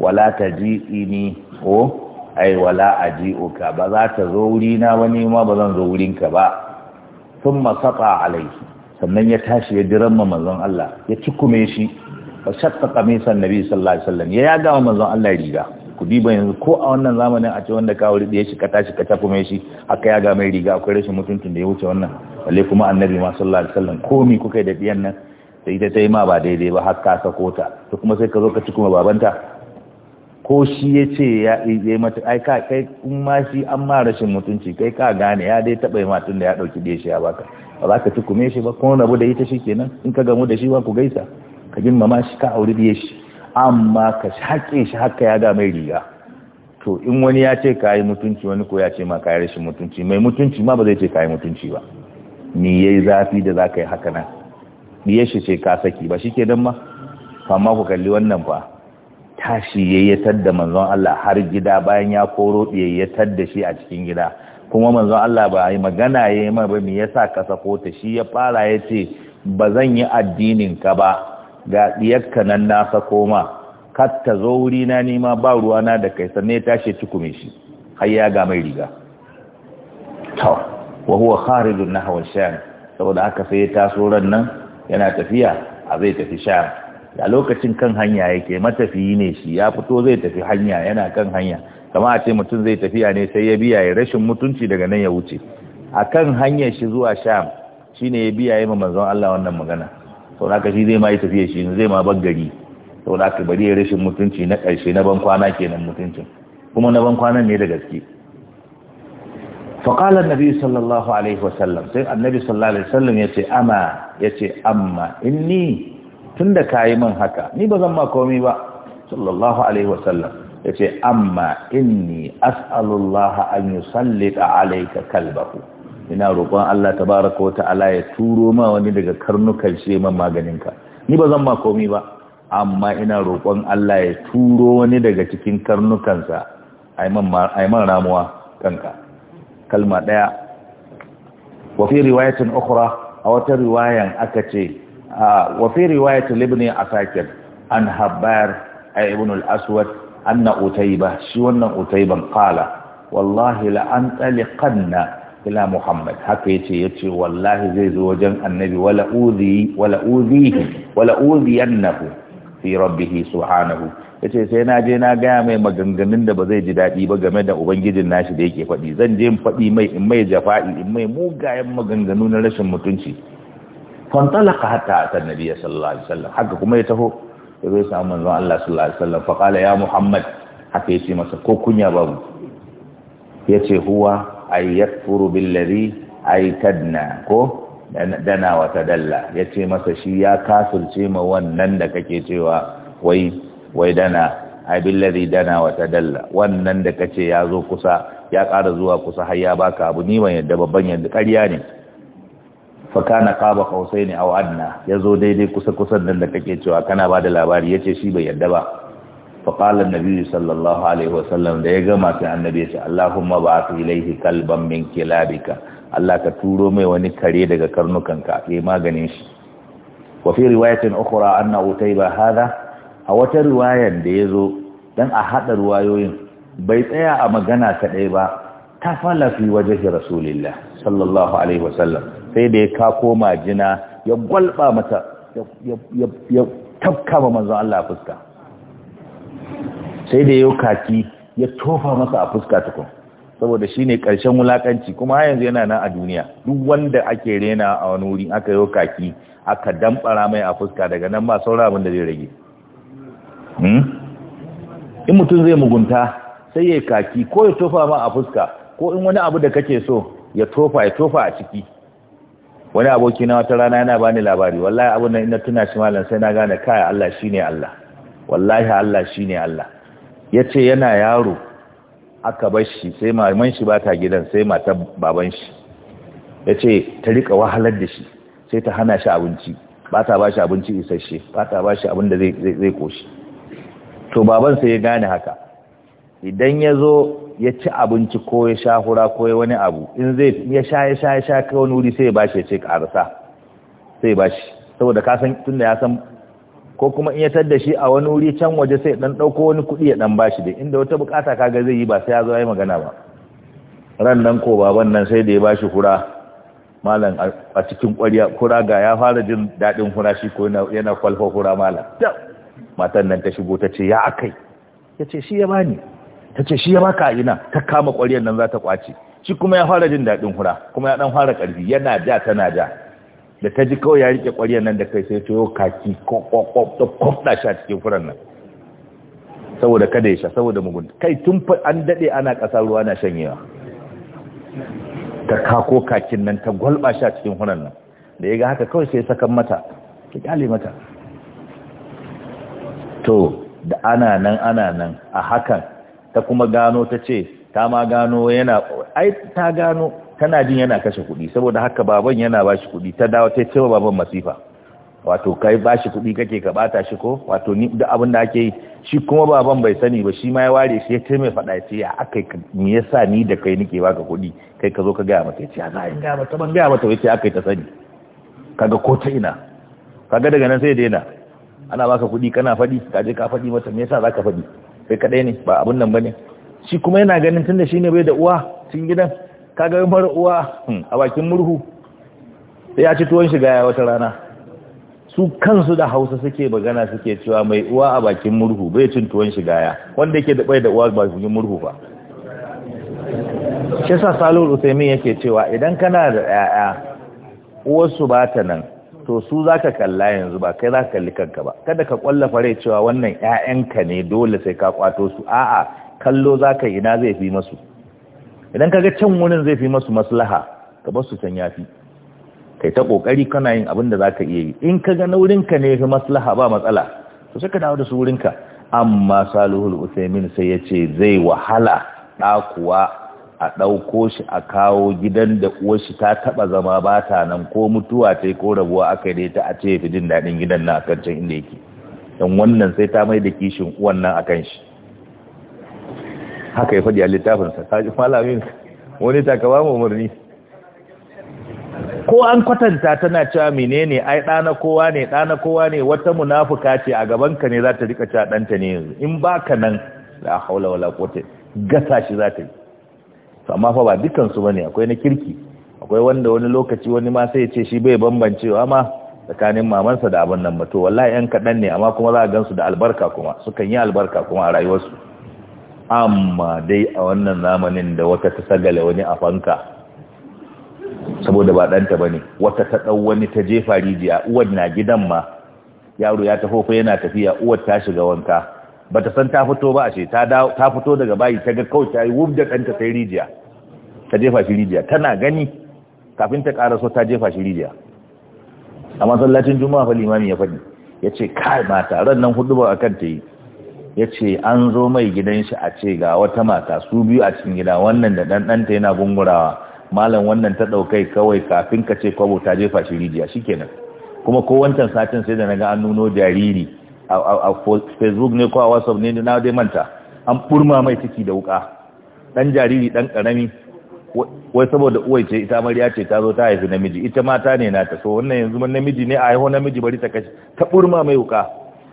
wala taji'ini o ai wala aji'uka ba za ta zo wuri na ba ni ma ba zan zo wurinka ba thumma saqa alaihi sannan ya tashi ya diramma manzon Allah ya tukume shi fa shaqqa qamisan nabi sallallahu alaihi wasallam ya yaga wa manzon Allah riga ku diba yanzu ko a wannan zamanin a ce wanda ka wuri da ya shika tashi ka tafi mai shi aka yaga mai riga akwai rashin mutuntun da ya wuce wannan balle kuma annabi ma sallallahu alaihi wasallam komi kuka da biyan nan sai ita ta yi ma ba daidai ba har ka sako ta to kuma sai ka zo ka ci kuma babanta ko shi ya ce ya yi mata ai ka kai in ma shi an ma rashin mutunci kai ka gane ya dai taɓa yi matun da ya ɗauki da shi ya baka ba za ka ci kume shi ba kuma rabu da ita shi kenan in ka gamu da shi ba ku gaisa ka girmama shi ka auri biye shi amma ka haƙe shi haka ya ga mai riga to in wani ya ce ka yi mutunci wani ko ya ce ma ka yi rashin mutunci mai mutunci ma ba zai ce ka yi mutunci ba ni yayi zafi da za ka yi haka nan biye shi ce ka saki ba shi ke don ma amma ku kalli wannan fa tashi tar da manzon Allah har gida bayan ya koro tar da shi a cikin gida kuma manzon Allah ba yi magana ya yi ba me yasa ka sako ta shi ya fara ya ce ba zan yi addinin ka ba ga ɗiyar nan na sako ma kar ta zo wuri na nima ba ruwa na da kai sanne ya tashi cikume shi har ya ga mai riga to wa huwa kharijun nahwa sham saboda haka sai ya taso ran nan yana tafiya a zai tafi sham da lokacin kan hanya yake matafiyi ne shi ya fito zai tafi hanya yana kan hanya kama a ce mutum zai tafiya ne sai ya biya ya rashin mutunci daga nan ya wuce a kan hanyar shi zuwa sham shine ya biya ya manzon Allah wannan magana sau da aka shi zai ma yi tafiya shi zai ma bar gari sau da aka bari ya rashin mutunci na ƙarshe na ban kwana kenan mutuncin kuma na ban kwanan ne da gaske فقال النبي sallallahu alaihi عليه وسلم sai annabi sallallahu alaihi wasallam yace ama yace amma inni tunda kai min haka ni ba zan ma komi ba sallallahu alaihi wasallam yace amma inni as'alullaha an yusallita alayka kalbahu ina roƙon Allah ta baraka wa ta'ala ya turo ma wani daga karnukan shi man maganinka ni ba zan ma komai ba amma ina roƙon Allah ya turo wani daga cikin karnukansa yi man ramuwa kanka kalma ɗaya wa fi riwayatin ukhra a wata riwayan aka ce wa fi riwayatin libni asakir an habbar ay ibn al-aswad anna utayba shi wannan utayban qala wallahi la an taliqanna ila muhammad haka yace yace wallahi zai zo wajen annabi wala uzi wala uzihi wala uziyannahu fi rabbih subhanahu yace sai na je na gaya mai maganganun da ba zai ji daɗi ba game da ubangijin nashi da yake faɗi zan je in faɗi mai in mai jafa'i in mai mugayen maganganu na rashin mutunci fantalaka hatta ata sallallahu alaihi wasallam haka kuma ya taho ya zo samu manzon Allah sallallahu alaihi wasallam fa qala ya muhammad haka yace masa ko kunya babu yace huwa ay yakfuru billazi aitadna ko dana wa tadalla yace masa shi ya kasulce ma wannan da kake cewa wai wai dana ay billazi dana wa tadalla wannan da kace ya kusa ya ƙara zuwa kusa har ya baka abu ni ban yadda babban yadda ƙarya ne fa kana qaba qausaini aw adna yazo daidai kusa kusan nan da kake cewa kana bada labari yace shi bai yadda ba فقال النبي صلى الله عليه وسلم da ya gama sai annabi ya ce Allahumma ba'ath ilayhi kalban min kilabika Allah ka turo mai wani kare daga ka yayi maganin shi wa fi riwayatin ukhra anna utayba hada a wata riwayar da yazo dan a hada riwayoyin bai tsaya a magana kadai ba tafala fi wajhi rasulillah sallallahu alaihi wasallam sai da ya kako majina ya gwalba mata ya tafka ma manzon Allah fuska sai da ya kaki ya tofa masa a fuska tukun saboda shi ne ƙarshen wulaƙanci kuma yanzu yana nan a duniya duk wanda ake rena a wani wuri aka yau kaki aka damɓara mai a fuska daga nan ba saura abin da zai rage hmm? in mutum zai mugunta sai ya kaki ko ya tofa ma a fuska ko in wani abu da kake so ya tofa ya tofa a ciki wani aboki na wata rana yana bani labari wallahi abun nan ina tuna shi malam sai na gane kai Allah shine Allah wallahi Allah shine Allah ya ce yana yaro aka bar shi sai maman shi ba ta gidan sai matar baban shi ya ce ta rika wahalar da shi sai ta hana shi abinci ba ta ba shi abinci isasshe ba ta ba shi abin da zai koshi to baban sai ya gane haka idan ya zo ya ci abinci ko ya sha hura ko ya wani abu in zai ya sha ya sha ya sha kai wani wuri sai ya ba shi ya ce karasa sai ya ba shi saboda kasan tun da ya san ko kuma in ya tadda shi a wani wuri can waje sai dan dauko wani kuɗi ya dan bashi dai inda wata bukata kaga zai yi ba sai ya zo yayi magana ba ran nan ko baban nan sai da ya bashi kura malam a cikin ƙwariya kura ga ya fara jin daɗin kura shi ko yana kwalfa kura malam matan nan ta shigo ta ce ya akai ya ce shi ya bani ta ce shi ya baka ina ta kama ƙwariyar nan za ta ƙwace shi kuma ya fara jin daɗin kura, kuma ya ɗan fara ƙarfi yana ja tana ja da ta ji kawai ya rike ƙwariyar nan da kai sai ta yau kaki kwafda shi sha cikin furan nan saboda kada ya sha saboda mugun kai tun an daɗe ana ƙasa ruwa na shanyewa ta kako kakin nan ta gwalba sha cikin furan nan da ya ga haka kawai sai sakan mata ta kyale mata to da ana nan ana nan a hakan ta kuma gano ta ce ta ma gano yana ai ta gano tana jin yana kashe kuɗi saboda haka baban yana ba shi kuɗi ta dawo ta ce baban masifa wato kai ba shi kuɗi kake ka bata shi ko wato ni da abin da ake yi shi kuma baban bai sani ba shi ma ya ware shi ya ce mai faɗa ce ya aka me yasa ni da kai nake baka kuɗi kai ka zo ka gaya mata ya ce za a yi gaya mata ban gaya mata ya ce aka ta sani kaga ko ta ina kaga daga nan sai daina ana baka kuɗi kana faɗi ka je ka faɗi mata me yasa zaka faɗi kai kadai ne ba abun nan bane shi kuma yana ganin tunda shine bai da uwa cikin gidan kaga mara uwa hmm, a bakin murhu ya ci tuwon shiga ya wata rana su kansu da hausa suke magana suke cewa mai uwa a bakin murhu bai cin tuwon shiga ya wanda yake da da uwa bakin murhu ba. shi sa salur usaimin yake cewa idan kana da 'ya'ya uwarsu ba ta nan to su za ka kalla yanzu ba kai za ka kalli kanka ba kada ka kwalla fare cewa wannan 'ya'yanka ne dole sai ka kwato su a'a kallo za ka na zai fi masu idan kaga ga can wurin zai fi masu maslaha ka bar su can yafi kai ta kokari kana yin abin da zaka iya yi in ka ga na wurin ka ne fi maslaha ba matsala to sai ka dawo da su wurin ka amma saluhul usaimin sai ya ce zai wahala ɗakuwa a ɗauko shi a kawo gidan da uwar shi ta taɓa zama ba ta nan ko mutuwa ta ko rabuwa aka yi ta a ce fi jin daɗin gidan na a kan can inda yake dan wannan sai ta mai da kishin uwan nan a kan shi haka ya faɗi a littafinsa kaji malamin wani takaba umarni ko an kwatanta tana cewa menene ai ɗana kowa ne ɗana kowa ne wata munafuka ce a gabanka ne za ta rika cewa ɗanta ne yanzu in baka nan a haula wala quwwata gasa shi za ta yi amma fa ba dukkan su bane akwai na kirki akwai wanda wani lokaci wani ma sai ya ce shi bai bambancewa ma tsakanin mamansa da abin nan ba to wallahi yan kaɗan ne amma kuma za a gansu da albarka kuma sukan yi albarka kuma a rayuwarsu amma dai a wannan zamanin da wata ta sagale wani a fanka saboda ba ɗanta ba ne wata ta ɗau wani ta jefa rijiya uwar na gidan ma yaro ya tafi fa yana tafiya uwar ta shiga wanka Bata san ta fito ba a ce ta fito daga bayi ta ga kawai ta yi wuf da ɗanta sai rijiya ta jefa shi rijiya tana gani kafin ta ƙara so ta jefa shi rijiya a masallacin juma'a fa limami ya faɗi ya ce kai mata ran nan hudu ba akan ta yi ya ce an zo mai gidan shi a ce ga wata mata su biyu a cikin gida wannan da ɗanɗanta yana gungurawa malam wannan ta ɗaukai kawai kafin ka ce kwabo ta jefa shi rijiya shi kenan kuma ko wancan satin sai da naga an nuno jariri a facebook ne ko a whatsapp ne na dai manta an ɓurma mai ciki da wuka ɗan jariri ɗan ƙarami wai saboda uwai ce ita amarya ce ta zo ta haifi namiji ita mata ne nata so wannan yanzu namiji ne a haihu namiji bari ta kashe ta ɓurma mai wuka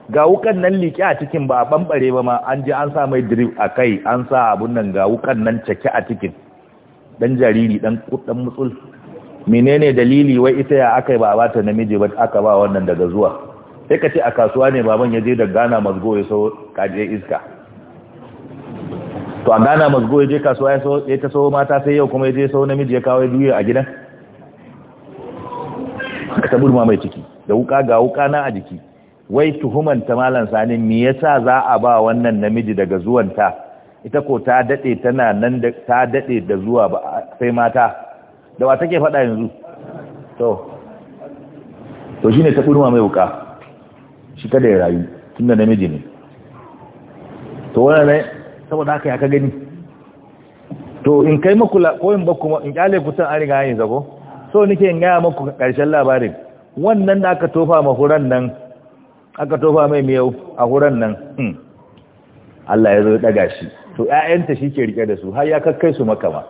ga wukan nan liƙe a cikin ba a ɓamɓare ba ma an ji an sa mai drip a kai an sa abun nan ga wukan nan cake a cikin ɗan jariri ɗan kuɗin mutsul menene dalili wai ita ya aka yi ba a bata namiji ba aka ba wannan daga zuwa sai ka ce a kasuwa ne baban ya je da gana mazgo ya so kaje iska to a gana mazgo ya je kasuwa ya so ya ta so mata sai yau kuma ya je so namiji ya kawo duyu a gidan ka ta ma mai ciki da wuka ga wuka na a jiki wai tuhumanta malam sani me yasa za a ba wannan namiji daga zuwanta ita ko ta dade tana nan da ta dade da zuwa ba sai mata da wa take faɗa yanzu to to shine ta kurma mai buka shi kada ya rayu tunda namiji ne to wannan ne saboda haka ya ka gani to in kai maku ko in ba kuma in kyale kutan an riga yin zago so nake in gaya maku karshen labarin wannan da aka tofa mahuran nan aka tofa mai miyau a wurin nan hmm. Allah ya zo daga shi to ƴaƴanta shi ke rike da su har ya kakkai su makama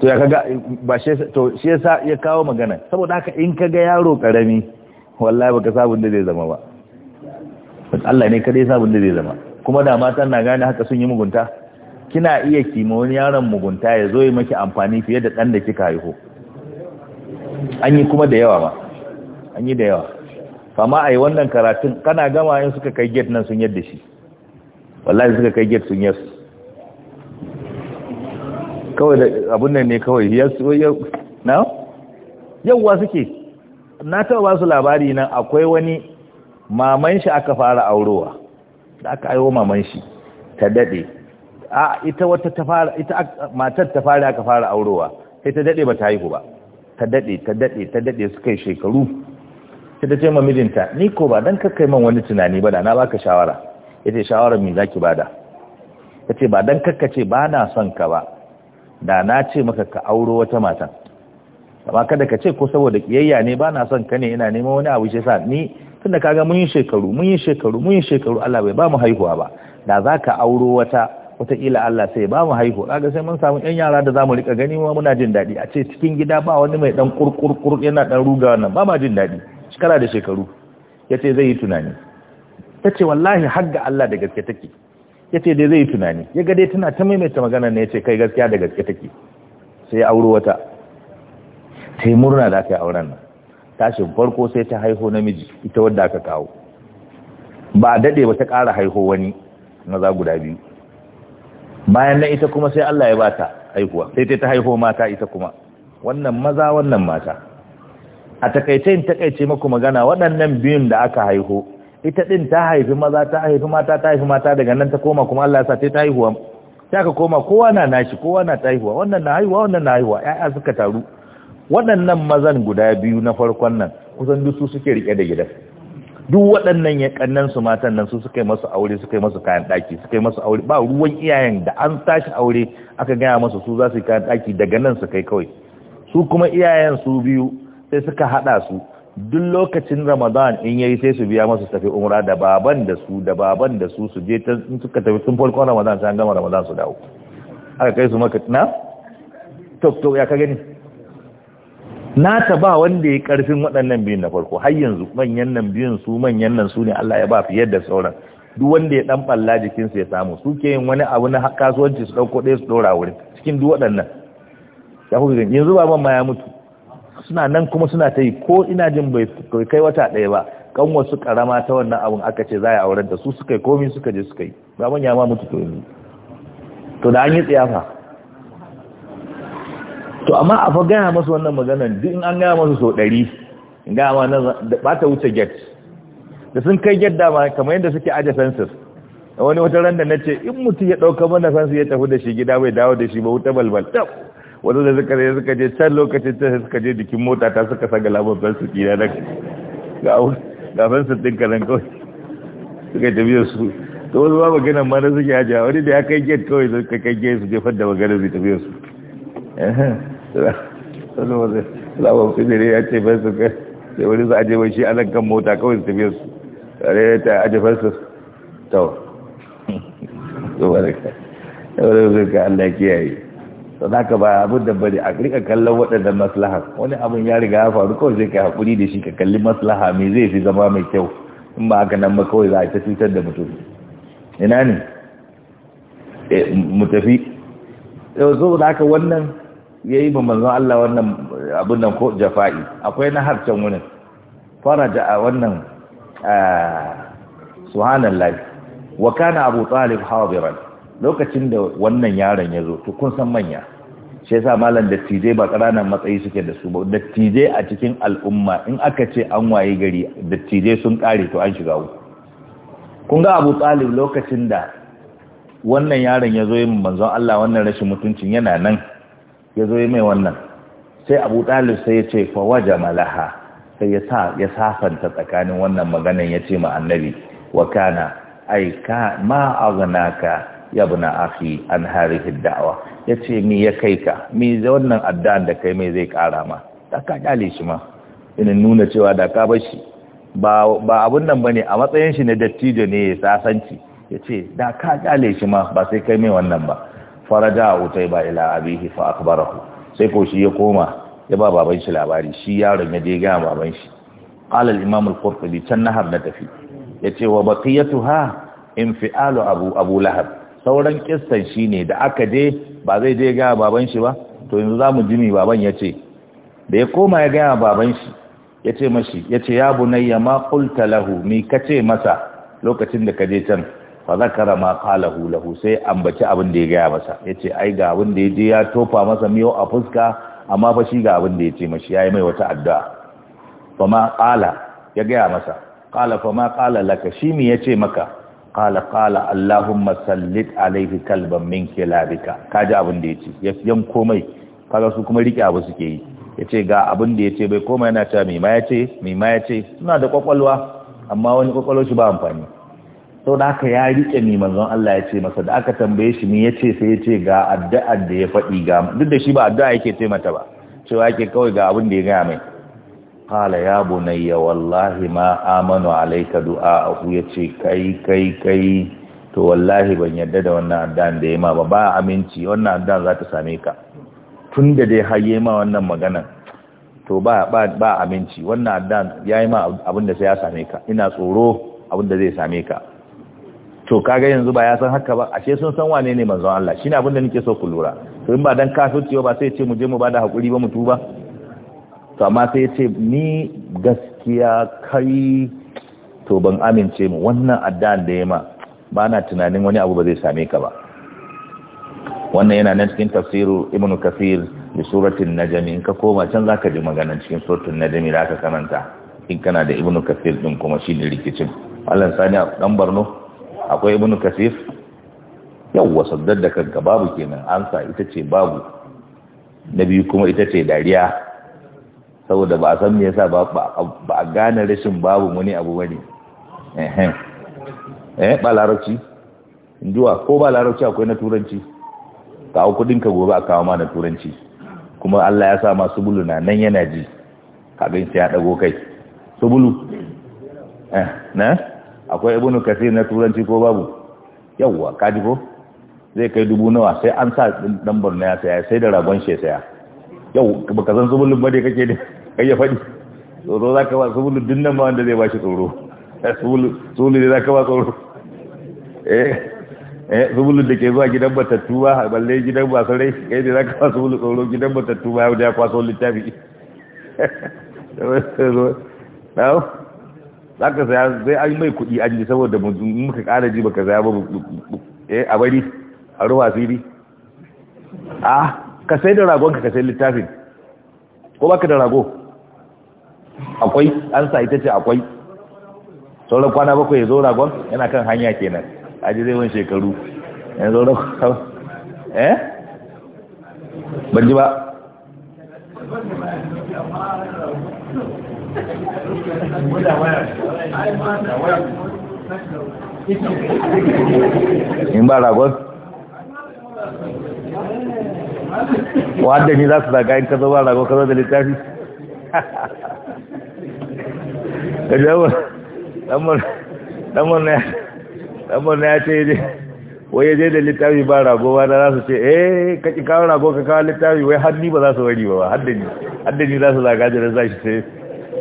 to ya kaga ba to shi yasa ya kawo magana saboda haka in kaga yaro karami wallahi baka sabun da zai zama ba Allah ne kadai sabun da zai zama kuma da matan na gane haka sun yi mugunta kina iya kima wani yaron mugunta ya zo yi maki amfani fiye da dan da kika haihu an yi kuma da yawa ba an yi da yawa fama a yi wannan karatun kana gama yin suka kai get nan sun yadda shi wallahi suka kai get sun yasu kawai da abun nan ne kawai yasu na yauwa suke na taɓa ba su labari nan akwai wani maman shi aka fara aurowa da aka aiwo maman shi ta dade a ita wata ta fara ita matar ta fara aka fara aurowa sai ta dade ba ta haihu ba ta dade ta dade ta dade suka yi shekaru sai ta ce ma mijinta ni ko ba dan kakkai man wani tunani ba da na baka shawara yace shawara me zaki bada tace ba dan kakkace ba na son ka ba da na ce maka ka auro wata matan amma kada ka ce ko saboda kiyayya ne ba na son ka ne ina neman wani abu shi sa ni tunda kaga mun yi shekaru mun yi shekaru mun yi shekaru Allah bai ba mu haihuwa ba da zaka auro wata wataƙila Allah sai ba mu haihu kaga sai mun samu ƴan yara da zamu rika gani ma muna jin daɗi a ce cikin gida ba wani mai dan kurkurkur yana dan ruga wannan ba ma jin daɗi Kala da shekaru ya ce zai yi tunani ta ce wallahi har ga Allah da gaske take ya ce dai zai yi tunani ya gade tana ta maimaita magana ne ya ce kai gaskiya da gaske take sai ya auro wata ta yi murna da aka yi auren nan tashin farko sai ta haiho namiji ita wadda aka kawo ba a daɗe ba ta ƙara haiho wani maza guda biyu bayan nan ita kuma sai Allah ya ba ta haihuwa sai ta haiho mata ita kuma wannan maza wannan mata a takaice in takaice maku magana waɗannan biyun da aka haihu ita din ta haifi maza ta haifi mata ta haifi mata daga nan ta koma kuma Allah ya sa ta haihuwa ta ka koma kowa na nashi kowa na ta haihuwa wannan na haihuwa wannan na haihuwa ƴaƴa suka taru waɗannan mazan guda biyu na farkon nan kusan duk su suke rike da gidan duk waɗannan ya kannan su matan nan su suka yi masu aure suka yi masu kayan ɗaki suka yi masu aure ba ruwan iyayen da an tashi aure aka gaya masu su za su yi kayan ɗaki daga nan su kai kawai su kuma iyayen su biyu sai suka hada su duk lokacin ramadan in yayi sai su biya masu tafi umra da baban da su da baban da su su je ta suka tafi tun farko ramadan sai an gama ramadan su dawo aka kai su maka na tok tok ya ka gani na ta ba wanda ya karfin waɗannan biyun na farko har yanzu manyan nan biyun su manyan nan su ne Allah ya ba fiye da sauran duk wanda ya dan balla sa ya samu su ke yin wani abu na kasuwanci su dauko ɗaya su ɗora wurin cikin duk waɗannan ya kuka yanzu baban ma ya mutu suna nan kuma suna ta yi ko ina jin bai kai wata ɗaya ba kan wasu karama ta wannan abin aka ce za a auren da su suka yi komi suka je suka yi ba manya ma mutu to yanzu to da an yi tsiyafa to amma a fa gaya masu wannan maganan duk in an gaya masu sau ɗari in gaya ma ba ta da sun kai get dama kamar yadda suke aje fensir wani wata ran da na ce in mutum ya ɗauka mana fensir ya tafi da shi gida bai dawo da shi ba wuta balbal wasu da suka je suka je can lokacin ta suka je jikin mota ta suka sa galabar fensu kina da ga fensu ɗin kanan kawai suka tafiya su to wasu ba maganan ma na suke hajiya wani da ya kai get kawai da suka kai get su jefar da maganar zai tafiya su wani wasu labar fidire ya ce fensu kai sai wani su aje shi anan kan mota kawai su tafiya su tare ya ta aje fensu tawa to ba da ka Allah kiyaye to ka ba abin da bari a rika kallon waɗannan maslaha wani abin ya riga ya faru kawai zai ka hakuri da shi ka kalli maslaha mai zai fi zama mai kyau in ba haka nan ba kawai za a ta cutar da mutum ina ne eh, mu tafi yau zo da haka wannan ya yi manzon Allah wannan abin nan ko jafa'i akwai na harcen wani fara a wannan ah, subhanallah wa kana abu talib hadiran lokacin da wannan yaron ya zo to kun san manya shi yasa malam dattijai ba ƙananan matsayi suke da su ba dattijai a cikin al'umma in aka ce an waye gari dattijai sun ƙare to an shiga uku kun ga abu talib lokacin da wannan yaron ya zo yi manzon Allah wannan rashin mutuncin yana nan ya zo yi mai wannan sai abu talib sai ya ce fawa Jamalaha sai ya sa ya safanta tsakanin wannan maganan ya ce ma annabi wa kana ai ka ma aghnaka ya na afi an hari da'awa ya ce mi ya kai ka mi wannan addu'an da kai mai zai kara ma da ka kyale shi ma ina nuna cewa da ka bar shi ba abun nan ba ne. a matsayin shi na dattijo ne ya sasanci ya ce da ka kyale shi ma ba sai kai mai wannan ba faraja utai ba ila abihi fa akbarahu sai ko shi ya koma ya ba baban shi labari shi yaron ya je ga baban shi qala al imam al qurtubi can nahar na tafi yace wa baqiyatuha infialu abu abu lahab sauran kistan shi ne da aka je ba zai je gaya baban shi ba to yanzu za ji me baban ya ce. da ya koma ya gaya baban shi ce mashi ce ya ya ma makulta lahu ka kace masa lokacin da ka je can fa zakara ma hula, lahu sai ambaci abin da ya gaya masa Ya ce ai ga abin da ya je ya tofa masa miyo a fuska amma fa shi ga abin da ya ce mashi yi mai wata addu'a fa ma kala ya gaya masa kala fa ma kala laka shi mi ya ce maka qala qala masallit a alaihi kalban min kilabika kaji abin da ya yanko mai kaga su kuma rike abu suke yi yace ga abin da yace bai koma yana cewa mai ma yace mai ma yace suna da kwakwalwa amma wani kwakwalwa shi ba amfani sau da haka ya rike mai manzon Allah ya ce masa da aka tambaye shi ya yace sai yace ga addu'ar da ya faɗi ga duk da shi ba addu'a yake taimata mata ba cewa yake kawai ga abin da ya gaya mai kala ya bunayya wallahi ma amanu alayka du'a ya ce kai kai kai to wallahi ban yadda da wannan addan da yema ba ba aminci wannan addan za ta same ka tunda dai har yema wannan magana to ba ba ba aminci wannan addan yayi ma abinda da sai ya same ka ina tsoro abinda da zai same ka to kaga yanzu ba ya san haka ba ashe sun san wane ne manzon Allah shine abinda da nake so ku lura to in ba dan kafirci ba sai ce mu je mu bada hakuri ba mu tuba to amma sai ya ce ni gaskiya kai to ban amince mu wannan addan da ya ma ba na tunanin wani abu ba zai same ka ba wannan yana nan cikin tafsiru ibnu kafir da suratul najm in ka koma can ka ji maganar cikin suratul najm da aka karanta in kana da ibnu kafir din kuma shi ne rikicin Allah sani a dan Borno akwai ibnu kafir Yau saddar da kanka babu kenan ansa ita ce babu na biyu kuma ita ce dariya saboda ba a san me yasa ba a gane rashin babu wani abu bane eh eh ba larabci nduwa ko ba larabci akwai na turanci kawo kudin ka gobe a kawo ma na turanci kuma Allah ya sa ma subulu na nan yana ji kagin sai ya dago kai subulu eh na akwai ibnu kasir na turanci ko babu yawwa kaji ko zai kai dubu nawa sai an sa dan na ya saya sai da ragon shi ya saya yau ka san subulun ba dai kake da kai ya faɗi tsoro za ka ba subulu dinnan ba wanda zai ba shi tsoro subulu ne za ka ba tsoro eh eh subulu da ke zuwa gidan batattu ba balle gidan ba sarai kai ne za ka ba subulu tsoro gidan batattu ba yau da ya kwaso littafi za ka saya zai an mai kuɗi an ji saboda muka ƙara ji baka saya ba eh, a bari a ruwa siri a ah, ka sai da ragon ka ka sai littafin ko baka da rago akwai an sa ita ce akwai sauran kwana bakwai ya zo ragon yana kan hanya kenan a ji zai wani shekaru ya zo ragon eh banji ba in ba ragon wadda ni za su zaga in ka zo ba ragon ka zo da littafi ɗanmar na ya ce wai ya je da littafi ba rago ba da za su ce eh kaki kawo rago ka kawo littafi wai hannu ba za su wari ba haddani za su zaga da za shi sai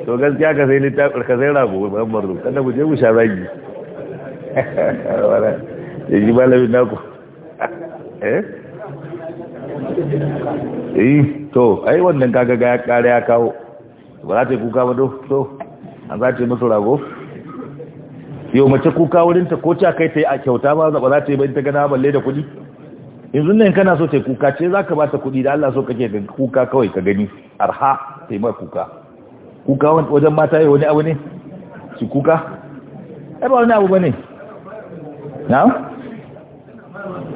to gaskiya ka sai littafi ka sai rago ba ɗanmar zo kada mu je mu sha zagi ya ji malamin naku eh eh to ai wannan kaga ga ya kare ya kawo ba za ta yi kuka ba to a za ta yi musu rago yau mace kuka wurinta ko ta kai ta yi a kyauta ba ba za ta yi ba ta gana balle da kuɗi yanzu nan kana so ta yi kuka ce za ka ba ta kuɗi da Allah so kake da kuka kawai ka gani arha ta yi ma kuka kuka wajen mata yi wani abu ne su kuka ai ba wani abu ba ne na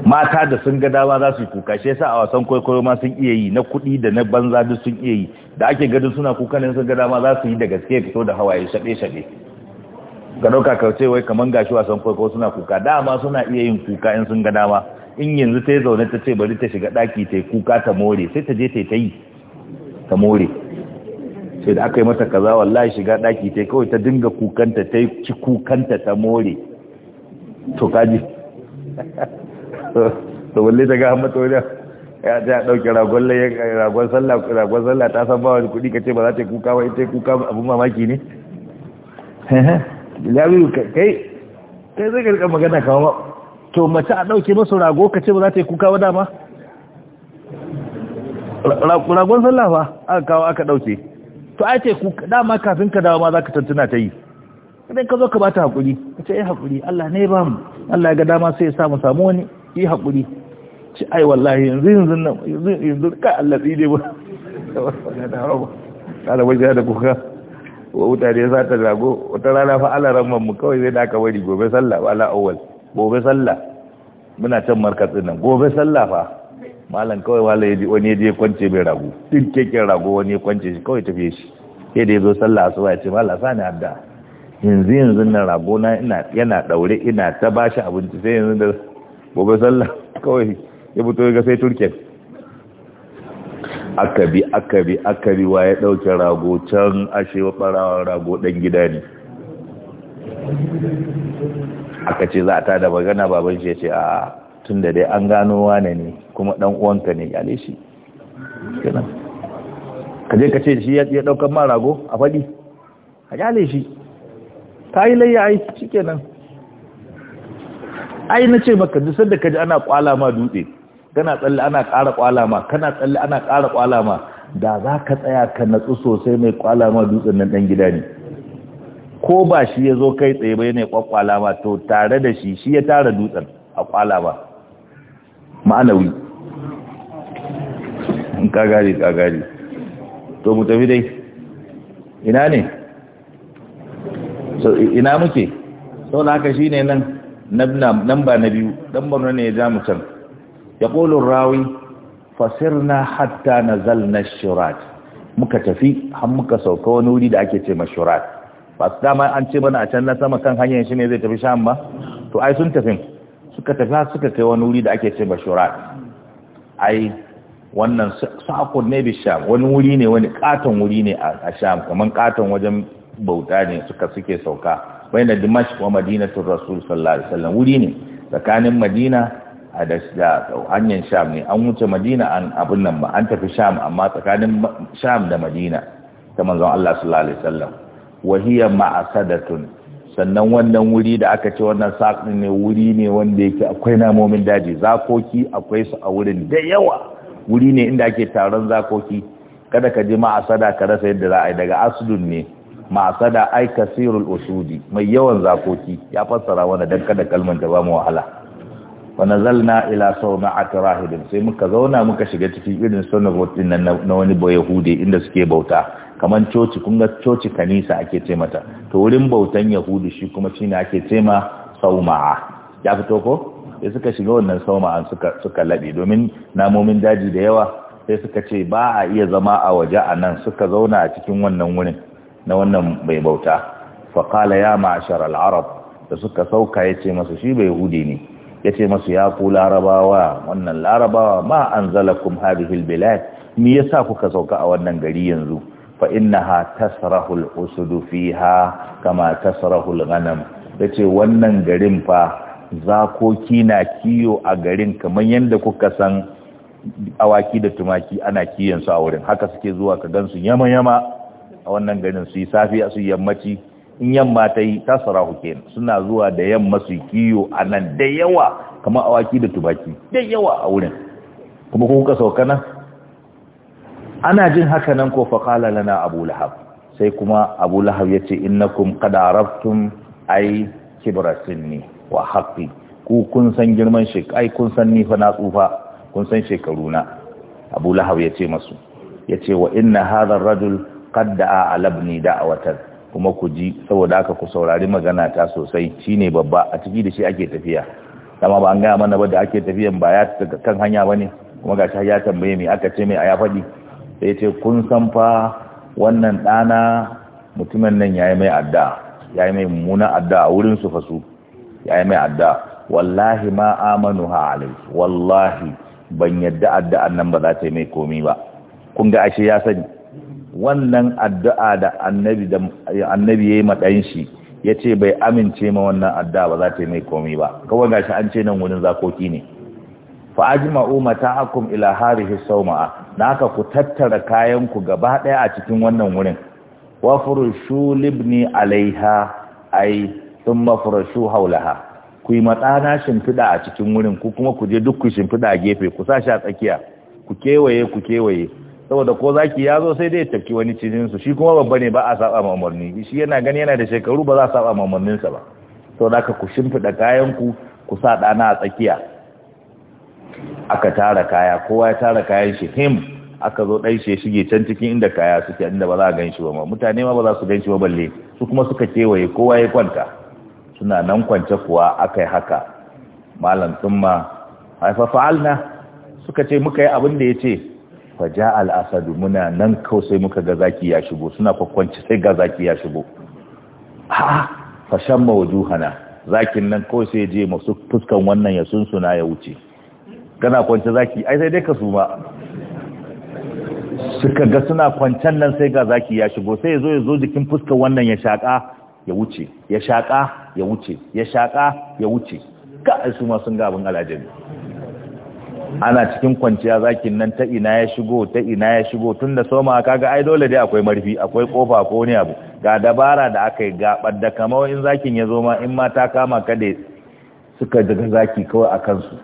mata da sun ga dama za su yi kuka shi yasa a wasan kwaikwayo ma sun iya yi na kuɗi da na banza duk sun iya yi da ake gadin suna kuka ne sun ga dama za su yi da gaske fito da hawaye shaɗe shaɗe ga ɗauka ka ce wai kamar gashi wasan kwaikwayo suna kuka dama suna iya yin kuka in sun ga dama in yanzu ta yi zaune ta ce bari ta shiga ɗaki ta yi kuka ta more sai ta je ta yi ta yi ta more sai da aka yi mata kaza wallahi shiga ɗaki ta yi kawai ta dinga kukanta ta yi ci kukanta ta more to kaji to balle ta ga mata wajen ya ta dauke ragon ragon sallah ragon sallah ta san ba wani kudi kace ba za ta kuka ba ita kuka abu mamaki ne labi kai kai zai karka magana kawo to mace a dauke masu rago kace ba za ta kuka ba dama ragon sallah ba aka kawo aka dauke to a ce ku dama kafin ka dawo ma zaka tantuna ta yi idan ka zo ka bata hakuri kace eh hakuri Allah ne ba mu Allah ya ga dama sai ya samu samu wani yi haƙuri ci ai wallahi yanzu yanzu nan yanzu ka Allah tsi dai ba kada wajen da kuka wa mutane ya sata rago wata rana fa ala ramman mu kawai zai daka wari gobe sallah ba ala awwal gobe sallah muna can markatsin nan gobe sallah fa malam kawai wala yaji wani yaji kwance bai rago din keken rago wani ya kwance shi kawai tafiye shi sai da zo sallah ba ya ce mala sani adda yanzu yanzu nan rago na ina yana daure ina ta bashi abinci sai yanzu da gobe sallah kawai ya fito ga sai turken aka bi aka bi aka bi wa ya ɗauke rago can ashe barawar rago ɗan gida ne aka ce za a tada magana baban shi ya ce a tun da dai an gano wane ne kuma ɗan uwanka ne ya shi ka je ka ce shi ya ɗaukan ma rago a faɗi a yale shi ta yi a yi shi kenan ai na ce maka duk sanda kaji ana kwala ma dutse kana tsalle ana ƙara kwala ma kana tsalle ana ƙara kwala ma da za ka tsaya ka natsu sosai mai kwala ma dutsen nan dan gida ne ko ba shi ya zo kai tsaye bai ne kwakwala ma to tare da shi shi ya tara dutsen a kwala ba ma'anawi in kagari to mu tafi dai ina ne ina muke sau na haka shi ne nan nan ba na biyu dan barno ne ya ja mu can ya rawi fasirna hatta nazalna shurat muka tafi har muka sauka wani wuri da ake ce shurat ba su dama an ce mana a can na sama kan hanyar shi ne zai tafi sha ba to ai sun tafi suka tafi suka kai wani wuri da ake ce shurat ai wannan sa'akun ne sha wani wuri ne wani katon wuri ne a sham kamar katon wajen bauta ne suka suke sauka baina dimashq wa Madinatul rasul sallallahu alaihi wasallam wuri ne tsakanin madina da hanyar sham ne an wuce madina an abun nan ba an tafi sham amma tsakanin sham da madina ta manzon Allah sallallahu alaihi wasallam wa hiya ma'asadatun sannan wannan wuri da aka ce wannan sakin ne wuri ne wanda yake akwai namomin daji zakoki akwai su a wurin da yawa wuri ne inda ake taron zakoki kada ka je ma'asada ka rasa yadda za a yi daga asudun ne ma'asada aika sirul usudi mai yawan zakoki ya fassara wani dan kada kalmar da ba mu wahala wa nazalna ila sauna'ati rahibin sai muka zauna muka shiga cikin irin sunnagot din nan na wani hude inda suke bauta kaman coci kun ga coci kanisa ake ce mata to wurin bautan yahudi shi kuma shine ake ce ma sauma'a ya fito ko sai suka shiga wannan sauma'an suka suka labe domin namomin daji da yawa sai suka ce ba a iya zama a waje a nan suka zauna a cikin wannan wurin na wannan mai bauta faƙala ya ma'ashar al'arab da suka sauka ya ce masu shi bai hudi ne ya ce masu ya ku larabawa wannan larabawa ma an zala zalakum hadihil bilad me yasa kuka sauka a wannan gari yanzu fa ha tasrahul usudu fi ha kama tasrahul ya ce wannan garin fa zakoki na kiyo a garin kamar yadda kuka san awaki da tumaki ana kiyon a wurin haka suke zuwa ka gansu yama yama a wannan garin su yi safiya su yammaci in yamma ta yi tasara hukin suna zuwa da yamma su kiyo a nan da yawa kamar awaki da tubaki da yawa a wurin kuma kuka sauka nan ana jin haka nan ko faƙala lana abu lahab sai kuma abu lahab ya ce innakum qad arabtum ai kibra ne, wa haƙi ku kun san girman shekaru, ai kun san ni na tsufa kun san na abu lahab ya ce masu ya ce wa inna hadar rajul alab ne alabni awatar kuma ku ji saboda aka ku saurari magana ta sosai ne babba a ciki da shi ake tafiya dama ba an gaya mana ba da ake tafiyan ba ya kan hanya bane kuma gashi ya tambaye me aka ce me a ya faɗi sai ce kun san fa wannan ɗana mutumin nan yayi mai adda yayi mai mummuna adda wurin su fasu yayi mai adda wallahi ma amanuha alai wallahi ban yadda adda nan ba za ta yi mai komi ba kun ga ashe ya sani wannan addu'a da annabi da annabi yayi madan shi yace bai amince ma wannan addu'a ba za ta yi mai komai ba kawai gashi an ce nan wurin zakoki ne fa ajma'u akum ila harihi sawma'a Na ka ku tattara kayan ku gaba daya a cikin wannan wurin wa furushu libni alaiha ai thumma furushu haulaha ku yi matsana shimfiɗa a cikin wurin ku kuma ku je duk ku shimfiɗa a gefe ku sa shi a tsakiya ku kewaye ku kewaye saboda ko zaki ya zo sai dai ya tafki wani cikin su shi kuma babba ne ba a saba mamurni shi yana gani yana da shekaru ba za a saba ma ba. sa ba saboda haka ku shimfida kayan ku ku sa dana a tsakiya aka tara kaya kowa ya tara kayan shi him aka zo dan shi shige can cikin inda kaya suke inda ba za a gan shi ba ma mutane ma ba za su gan ba balle su kuma suka kewaye kowa ya kwanta suna nan kwance kuwa akai haka malam tsumma haifa fa'alna suka ce muka yi abin da ya ce faja al'asadu muna nan kawai sai muka ga zaki ya shigo suna kwakwanci sai ga zaki ya shigo ha fashan mawujuhana zakin nan kawai sai je masu fuskan wannan ya sunsuna ya wuce kana kwance zaki ai sai dai ka suma suka ga suna kwancen nan sai ga zaki ya shigo sai ya zo ya zo jikin fuskan wannan ya shaƙa ya wuce ya shaƙa ya wuce ya shaƙa ya wuce ka ai su ma sun ga abin alajabi ana cikin kwanciya zakin nan ta ina ya shigo ta ina ya shigo tun da soma kaga ai dole dai akwai marfi akwai kofa ko wani abu ga dabara da aka yi ga da kama in zakin ya zo ma in ma ta kama ka da suka daga zaki kawai a kansu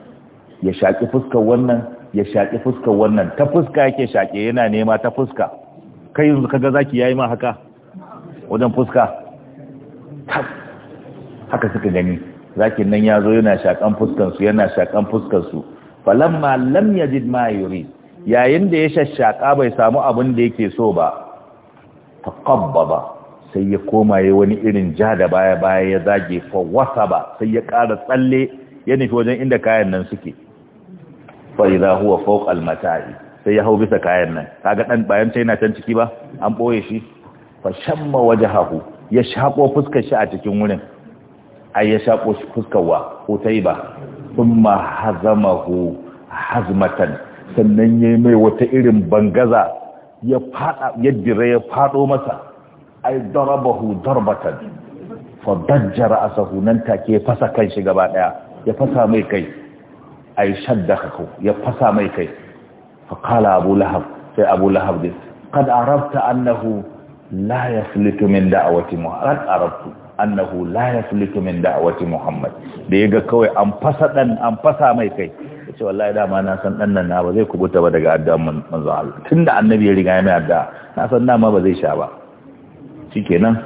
ya shaƙi fuskar wannan ya shaƙi fuskar wannan ta fuska yake shaƙe yana nema ta fuska kai yanzu kaga zaki yayi ma haka wajen fuska haka suka gani zakin nan ya zo yana shakan fuskansu yana shakan fuskansu falamma lam yajid ma yuri yayin da ya shashaka bai samu abin da yake so ba taqabba sai ya koma yayin wani irin ja da baya baya ya zage fa wasaba sai ya ƙara tsalle ya nufi wajen inda kayan nan suke fa idha huwa fawq al sai ya hau bisa kayan nan kaga dan bayan sai yana can ciki ba an boye shi fa shamma wajhahu ya shako fuskar shi a cikin wurin ai ya shako fuskar wa ko tai ba thumma hazamahu hazmatan sannan yayi mai wata irin bangaza ya fada yaddira ya fado masa ay darabahu darbatan fa dajjara asahu nan take fasa kan shi gaba daya ya fasa mai kai ay shaddaka ya fasa mai kai fa qala abu lahab sai abu lahab din kad arabta annahu la yaflitu min da'awati muharrat arabtu annahu la yaflitu min da'wati muhammad da yaga kawai an fasa dan an fasa mai kai yace wallahi dama na san dan nan na ba zai kubuta ba daga addan manzo Allah tunda annabi ya riga ya mai addu'a na san dama ba zai sha ba shikenan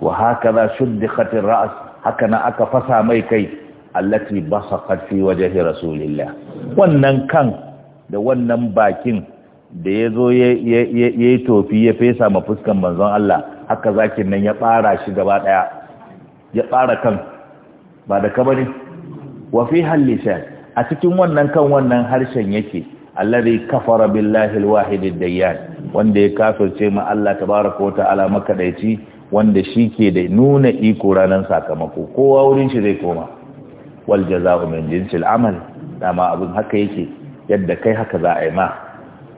wa hakaza shuddiqat ar-ra's haka na aka fasa mai kai allati basaqat fi wajhi rasulillah wannan kan da wannan bakin da ya zo ya tofi ya fesa ma fuskan manzon Allah haka zakin nan ya fara shi gaba daya. ya tsara kan ba da ka bane wa fi halisa a cikin wannan kan wannan harshen yake allazi kafara billahi alwahid ad-dayyan wanda ya kafirce ma Allah tabaaraka wata'ala makadaici wanda shike da nuna iko ranan sakamako kowa wurin shi zai koma wal jazaa'u min jinsil amal dama abin haka yake yadda kai haka za a yi ma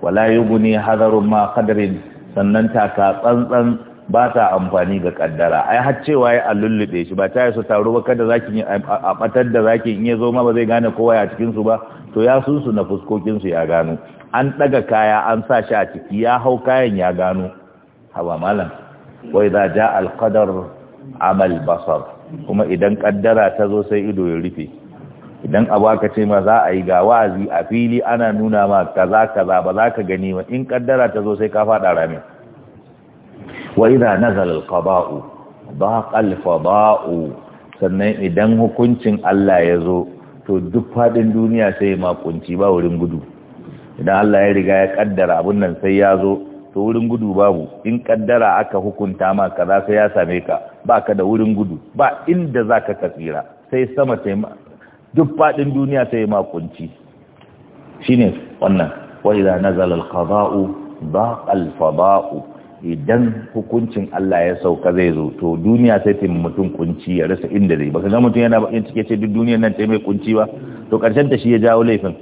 wala yughni hadarun ma qadarin sannan taka tsantsan ba ta amfani ga kaddara ai har cewa ya lullube shi ba ta yi su taro ba kada zaki a batar da zaki in ya zo ma ba zai gane kowa a cikin su ba to ya sun su na fuskokin su ya gano an daga kaya an sa shi a ciki ya hau kayan ya gano hawa malam wai za ja alqadar amal basar kuma idan kaddara ta zo sai ido ya rufe idan abu aka ce ma za a yi ga wa'azi a fili ana nuna ma kaza kaza ba za ka gani ba in kaddara ta zo sai ka faɗa ramin wa idza nazala alqaba'u baqa sannan idan hukuncin Allah ya zo to duk fadin duniya sai ya makunci ba wurin gudu idan Allah ya riga ya kaddara abun nan sai ya zo to wurin gudu babu in kaddara aka hukunta ma kaza sai ya same ka baka da wurin gudu ba inda zaka tsira sai sama sai duk fadin duniya sai ya makunci shine wannan wa idza nazala daqa ba fadau idan hukuncin Allah ya sauka zai zo to duniya sai ta mutum kunci ya rasa inda zai baka ga mutum yana bakin cike ce duk duniyar nan ta mai kunci ba to karshen ta shi ya jawo laifin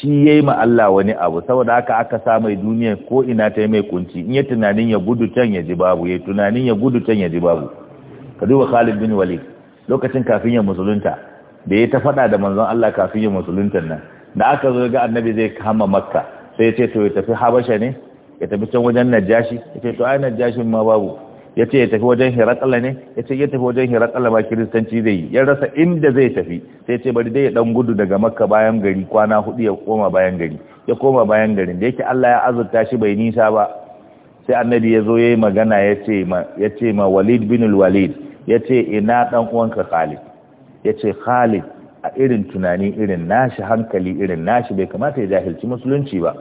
shi yayi ma Allah wani abu saboda haka aka sa mai duniya ko ina ta mai kunci in ya tunanin ya gudu can ya ji babu ya tunanin ya gudu can ya ji babu ka duba Khalid bin Walid lokacin kafin ya musulunta da ya ta faɗa da manzon Allah kafin ya musulunta nan da aka zo ga annabi zai kama makka sai ya ce to ya tafi habasha ne ya tafi can wajen najashi ya ce to ai najashin ma babu ya ce ya tafi wajen hiratsala ne ya ce ya tafi wajen hiratsala ba kiristanci zai yi ya rasa inda zai tafi sai ce bari dai ya dan gudu daga makka bayan gari kwana hudu ya koma bayan gari ya koma bayan gari da yake Allah ya azurta shi bai nisa ba sai annabi ya zo ya yi magana ya ce ma ya ce ma walid bin walid ya ce ina dan uwanka khalid ya ce khalid a irin tunani irin nashi hankali irin nashi bai kamata ya jahilci musulunci ba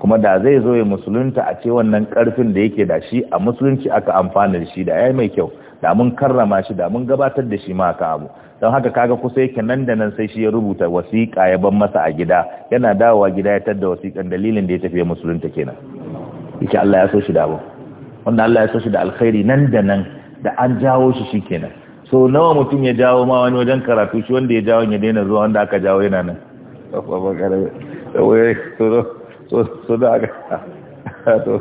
kuma da zai zo ya musulunta a ce wannan karfin da yake da shi a musulunci aka amfana da shi da ya mai kyau da mun karrama shi da mun gabatar da shi ma ka abu don haka kaga kusa yake nan da nan sai shi ya rubuta wasiƙa ya ban masa a gida yana dawowa gida ya tadda wasiƙan dalilin da ya tafi musulunta kenan yake Allah ya so shi da abu wanda Allah ya so shi da alkhairi nan da nan da an jawo shi shi kenan. so nawa mutum ya jawo ma wani wajen karatu shi wanda ya jawo ya daina zuwa wanda aka jawo yana nan so da aka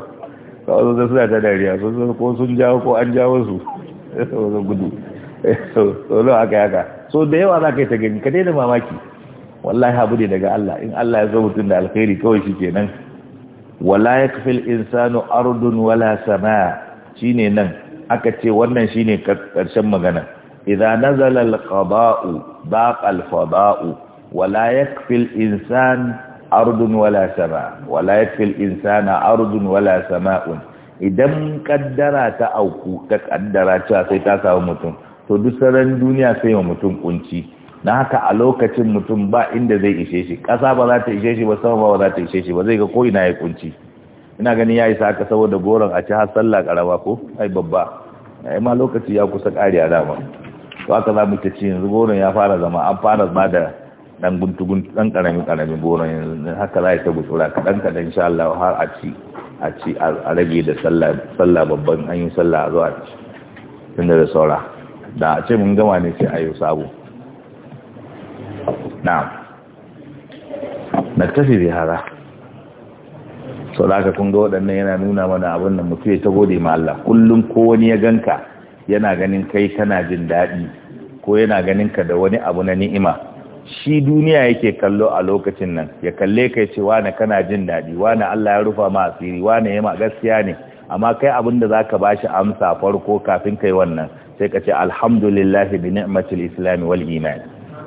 suna ta dariya ko sun jawo ko an jawo su gudu so da aka yaka da yawa za ka yi ta gani ka daina mamaki wallahi habu ne daga Allah in Allah ya zo mutum da alkhairi kawai shi ke nan. wala ya kafi insanu ardun wala shi shine nan aka ce wannan shine karshen magana idan nazala ba baqa alfada'u wala kafi insanu ardun wala sama wala yakfil insana ardun wala sama'un idan kaddara ta auku ta kaddara cewa sai ta samu mutum to duk sauran duniya sai wa mutum kunci na haka a lokacin mutum ba inda zai ishe shi ƙasa ba za ta ishe shi ba sama ba za ta ishe shi ba zai ga ko ina ya kunci ina ganin ya isa haka saboda goron a ci har sallah karama ko ai babba ai ma lokaci ya kusa ƙari a dama to haka za mu ta ci yanzu goron ya fara zama an fara ba da dan guntu guntu dan karami karami goro yanzu haka za a ta gutsura kaɗan kaɗan insha Allah har a ci a ci a rage da sallah babban an yi sallah a zuwa ci da saura da a ce mun gama ne sai a sabo na na tafi bi hada so da ka kun ga waɗannan yana nuna mana abin nan mutu ya ta gode ma Allah kullum ko wani ya ganka yana ganin kai kana jin daɗi ko yana ganin ka da wani abu na ni'ima shi duniya yake kallo a lokacin nan ya kalle kai ce wane kana jin daɗi wane Allah ya rufa ma asiri wane ya ma gaskiya ne amma kai abin da za ka ba shi amsa farko kafin kai wannan sai ka ce alhamdulillahi bi ni'matil islam wal iman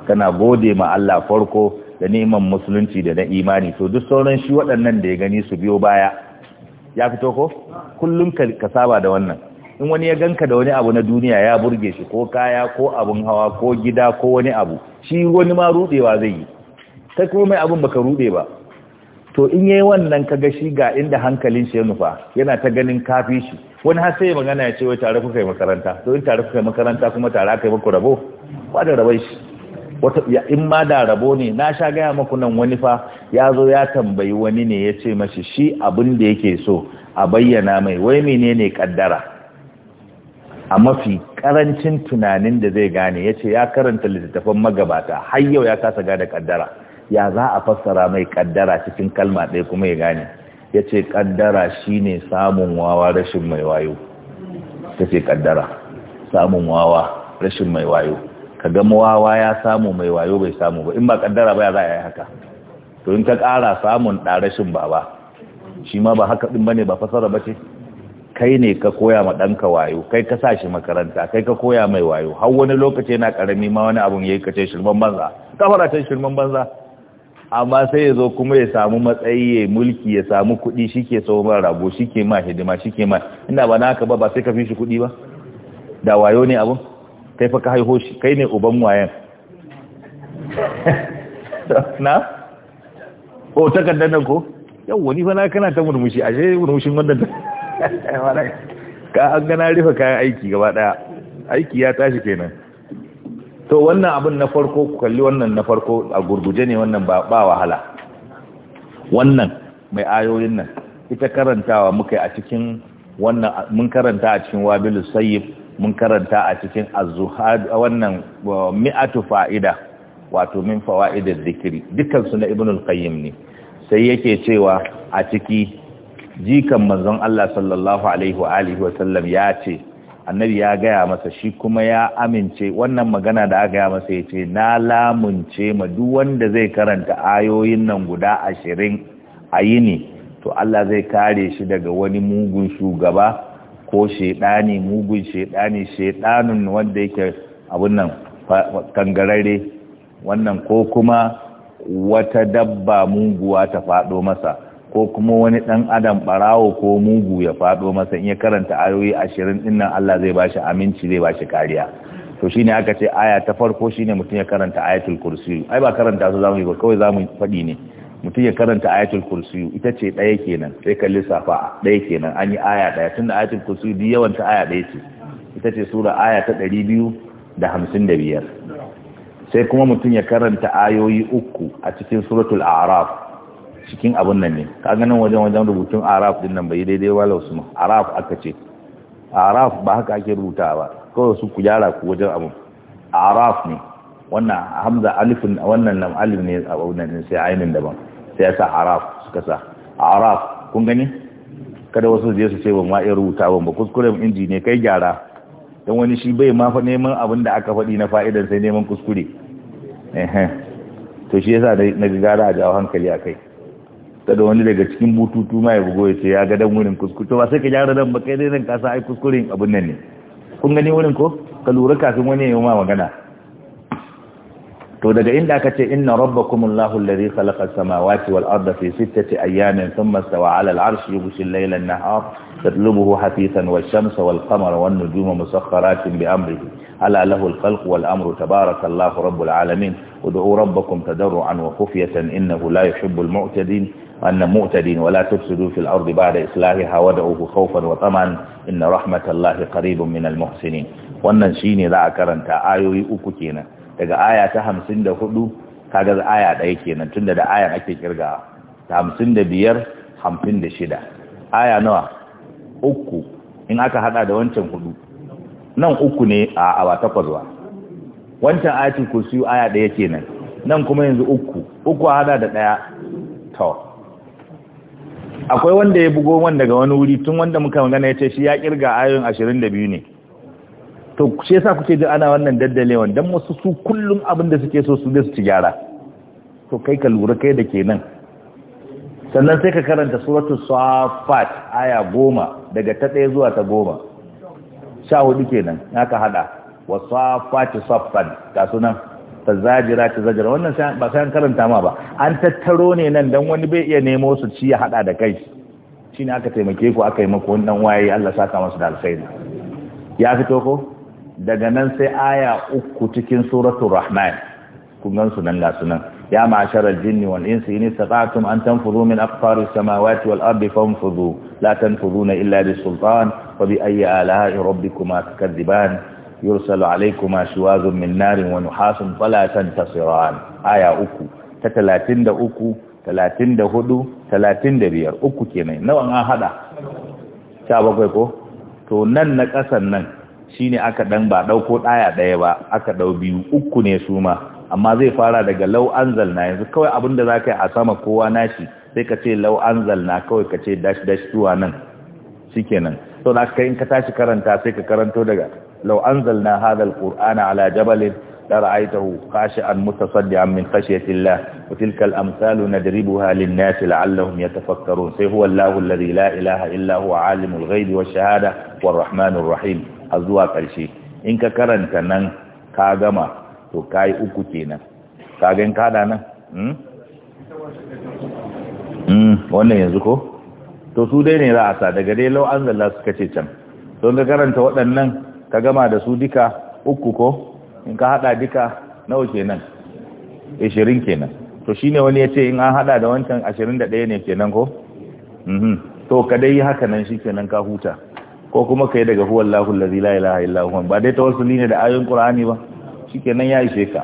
kana gode ma Allah farko da neman musulunci da na imani to duk sauran shi waɗannan da ya gani su biyo baya ya fito ko kullum ka saba da wannan in wani ya ganka da wani abu na duniya ya burge shi ko kaya ko abun hawa ko gida ko wani abu shi wani ma rudewa zai yi Ta kuma mai abun baka rude ba to in yayi wannan kaga shi ga inda hankalin shi ya nufa yana ta ganin kafi shi wani har sai magana ya ce wai tare kuka yi makaranta to in tare kuka yi makaranta kuma tare aka yi muku rabo ba da rabai shi wata in ma da rabo ne na sha gaya maku nan wani fa ya zo ya tambayi wani ne ya ce mashi shi abin da yake so a bayyana mai wai menene kaddara a mafi karancin tunanin da zai gane ya ce ya karanta littattafan magabata har yau ya kasa gane kaddara ya za a fassara mai kaddara cikin kalma ɗaya kuma ya gane ya ce kaddara shi ne samun wawa rashin mai wayo ta ce kaddara samun wawa rashin mai wayo ka gama wawa ya samu mai wayo bai samu ba in ba kaddara ba ya za a yi haka to in ka kara samun ɗa rashin ba ba. shi ma ba haka ɗin ba ne ba fassara ba ce kai ne ka koya ma ɗanka wayo kai ka sa shi makaranta kai ka koya mai wayo har wani lokaci yana ƙarami ma wani abun ya yi kace shirman banza fara ta shirman banza amma sai ya zo kuma ya samu matsayi ya mulki ya samu kuɗi shi ke mara rabo shi ke ma hidima shi ke ma ina ba na ba ba sai ka fi shi kuɗi ba da wayo ne abun kai fa ka haiho shi kai ne uban wayan na o takardar nan ko yawon wani fa na kana ta murmushi ashe murmushin wannan ka an gana rufe kayan aiki gaba daya aiki ya tashi kenan to wannan abin na farko ku kalli wannan na farko a gurguje ne wannan ba wahala wannan mai ayoyin nan ita karantawa muka a cikin wannan mun karanta a cikin wabilu sayyib mun karanta a cikin az-zuhad wannan mi'atu fa'ida wato min fawaidid zikri dukkan su na ibnul qayyim ne sai yake cewa a ciki jikan manzon Allah sallallahu alaihi wa alihi wa sallam ya ce annabi ya gaya masa shi kuma ya amince wannan magana da aka ya masa yace na lamunce ma duk wanda zai karanta ayoyin nan guda ashirin a yini to Allah zai kare shi daga wani mugun shugaba ko shedani mugun shedani shedanun wanda yake abun nan kangarare wannan ko kuma wata dabba muguwa ta faɗo masa ko kuma wani ɗan adam ɓarawo ko mugu ya faɗo masa in ya karanta ayoyi ashirin ɗin nan Allah zai bashi aminci zai bashi kariya to shine aka ce aya ta farko shine mutum ya karanta ayatul kursiyu ai ba karanta su zamu yi ba kawai zamu faɗi ne mutum ya karanta ayatul kursiyu ita ce ɗaya kenan sai ka lissafa ɗaya kenan an yi aya ɗaya tunda ayatul kursiyu duk yawan ta aya ɗaya ce ita ce sura aya ta ɗari biyu da hamsin da biyar sai kuma mutum ya karanta ayoyi uku a cikin suratul a'raf cikin abin nan ne ka ganin wajen wajen rubutun araf din nan bai daidai ba lausu ma araf aka ce araf ba haka ake rubuta ba kawai su ku gyara ku wajen abin araf ne wannan hamza alifin wannan nan alif ne a wannan ne sai ainin daban sai ya sa araf suka sa araf kun gani kada wasu je su ce ban ma iya rubuta ban ba kuskuren inji ne kai gyara dan wani shi bai ma fa neman abin da aka faɗi na fa'idan sai neman kuskure to shi yasa na gara a jawo hankali a kai da wani daga cikin bututu ma ya bugo ya ce ya ga dan wurin kuskure to ba sai ka gyara dan ba kai dai nan ka sa ai kuskuren abun nan ne kun gani wurin ko ka lura kafin wani ya yi ma magana to daga inda aka ce inna rabbakumullahu alladhi khalaqa samawati wal arda fi sittati ayyamin thumma istawa 'ala al-'arshi yughshi al-layla an-nahar tatlubuhu hafisan wash-shamsa wal-qamara wan-nujuma musakhkharatin bi amrihi ala lahu al-khalqu wal-amru tabarakallahu rabbul 'alamin ud'u rabbakum tadarruan wa khufyatan innahu la yuhibbul mu'tadin أن مؤتدين ولا تفسدوا في الأرض بعد إصلاحها ودعوه خوفا وطمعا إن رحمة الله قريب من المحسنين wannan shine za a karanta ayoyi uku kenan daga aya ta hamsin da 54 kaga da aya ɗaya kenan tunda da aya ake kirgawa ta hamsin da biyar da shida. aya nawa uku in aka hada da wancan hudu nan uku ne a ba takwas ba wancan ayatul kursi aya ɗaya kenan nan kuma yanzu uku uku hada da ɗaya to akwai wanda ya bugo wanda daga wani wuri tun wanda muka magana ya ce shi ya kirga ayoyin ashirin da biyu ne to shi yasa kuke ji ana wannan daddalewan dan wasu su kullum abin da suke so su da su ci gyara to kai ka lura kai da ke nan sannan sai ka karanta suratu safat aya goma daga ta ɗaya zuwa ta goma sha hudu kenan ka haɗa, wa safati safan ga sunan fa zajira ta zajira wannan ba sai an karanta ma ba an tattaro ne nan dan wani bai iya nemo su ci ya hada da kai shine aka taimake ku aka yi maku wannan waye Allah saka masu da alkhairi ya fito ko daga nan sai aya uku cikin suratul rahman kun gan su nan ga sunan ya ma'asharal jinni wal insi in istata'tum an tanfudhu min aqtari samawati wal ardi fanfudhu la tanfuduna illa bisultan wa bi ayyi ala'i rabbikuma tukadiban yursalu alaikuma shiwazun min narin wa nuhasun fala tantasiran aya uku ta 33 34 35 uku kenan nawa an hada bakwai ko to nan na kasan nan shine aka dan ba dauko daya daya ba aka dau biyu uku ne su ma amma zai fara daga lau na yanzu kawai da zaka yi a sama kowa nashi sai ka ce lau na. kawai ka ce dash dash zuwa nan shikenan to da kai in ka tashi karanta sai ka karanto daga law anzalna hadha alqur'ana ala jabalin لرأيته خاشعا متصدعا من خشية الله وتلك الأمثال ندربها للناس لعلهم يتفكرون سي هو الله الذي لا إله إلا هو عالم الغيب والشهادة والرحمن الرحيم أزوا قرشي إنك كرن كنن كاغما تو كاي أكتين كاغن كادانا wannan yanzu ko to su dai ne za a sa daga dai lau an zalla suka ce can don ga karanta waɗannan ka gama da su duka uku ko in ka hada duka nawa kenan 20 kenan to shine wani ya ce in an hada da wancan 21 ne kenan ko mhm to ka dai haka nan shikenan ka huta ko kuma kai daga huwallahu allazi la ilaha illa huwa ba dai wasu ne da ayoyin qur'ani ba shikenan ya ishe ka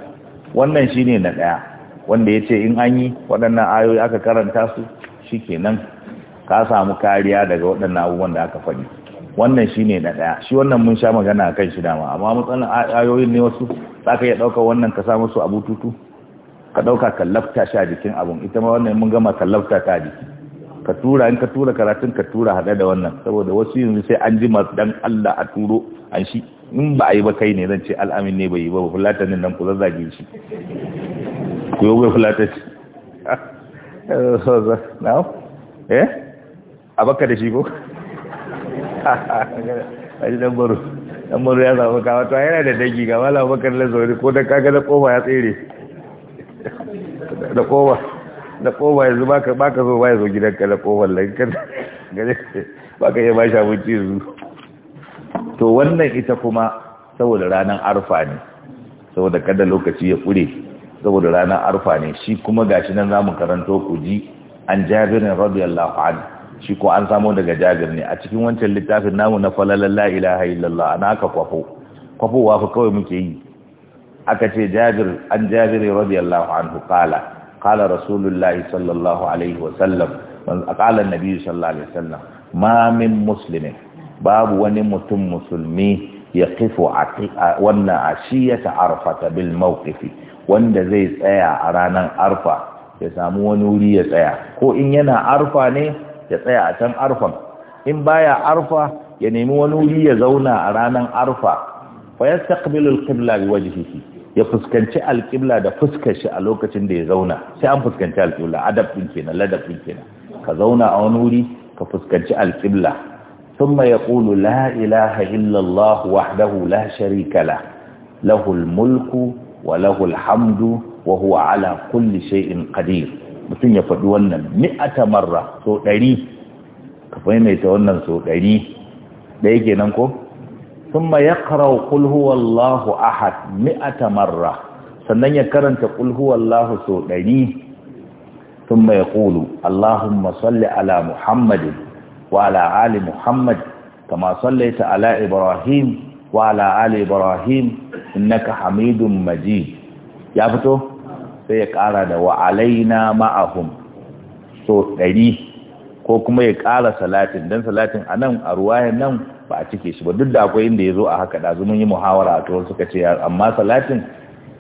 wannan shine na daya wanda ya ce in an yi waɗannan ayoyi aka karanta su shikenan ka samu kariya daga waɗannan abubuwan da aka faɗi wannan ne na ɗaya. shi wannan mun sha magana kan shi dama amma matsalan ayoyin ne wasu Za ka iya ɗauka wannan ka samu su abu tutu ka ɗauka ka lafta shi a jikin abun ita ma wannan mun gama ka lafta ta jiki ka tura in ka tura karatun ka tura haɗe da wannan saboda wasu yanzu sai an ji dan Allah a turo an shi in ba a yi ba kai ne zan ce al'amin ne bai yi ba ba ne nan ku zazzage shi ku yi fulatanin eh a baka da shi ko aji dan baro dan baro ya samu kawo ta yana da dangi ga mala bakar lazori ko da kaga da koma ya tsere da koma da koma yanzu baka ka zo ba ya zo gidanka da koma lankan ba ka iya ba shi abinci yanzu to wannan ita kuma saboda ranar arfa ne saboda kada lokaci ya ƙure saboda ranar arfa ne shi kuma gashi nan zamu karanto ku ji an jabirin radiyallahu anhu shi ko an samo daga jabir ne a cikin wancan littafin namu na falalan la ilaha illallah ana aka kwafo kwafowa fa kawai muke yi aka ce jabir an jabir radiyallahu anhu qala qala rasulullahi sallallahu alaihi wa sallam qala an-nabi sallallahu alaihi wa sallam ma min muslimin babu wani mutum musulmi ya kifo wannan a ashiyata ta bil mawqifi wanda zai tsaya a ranar arfa ya samu wani wuri ya tsaya ko in yana arfa ne ya tsaya a can arfan in baya arfa ya nemi wani wuri ya zauna a ranar arfa fa yastaqbilu al-qibla bi ya fuskanci al-qibla da fuskar shi a lokacin da ya zauna sai an fuskanci al-qibla adab din kenan ladab din kenan ka zauna a wani wuri ka fuskanci al-qibla thumma yaqulu la ilaha illa Allah wahdahu la sharika la lahu al-mulku wa lahu al-hamdu wa huwa ala kulli shay'in qadir mutum ya faɗi wannan a tamarra so ɗari ka fahimta wannan so ɗari ɗaya kenan ko sun ma ya karau hat ahad a tamarra sannan ya karanta kulhuwallahu so ɗari sun ma ya ƙulu allahumma masalli ala muhammadu wa ala ali muhammad kama ta ala ibrahim wa ala ali ibrahim innaka hamidun majid ya fito sai ya ƙara da wa'alaina alaina ma'ahum so ɗari ko kuma ya ƙara salatin don salatin a nan a ruwayan nan ba a cike shi ba duk da akwai inda ya zo a haka ɗazu yi muhawara a tuwar suka ce amma salatin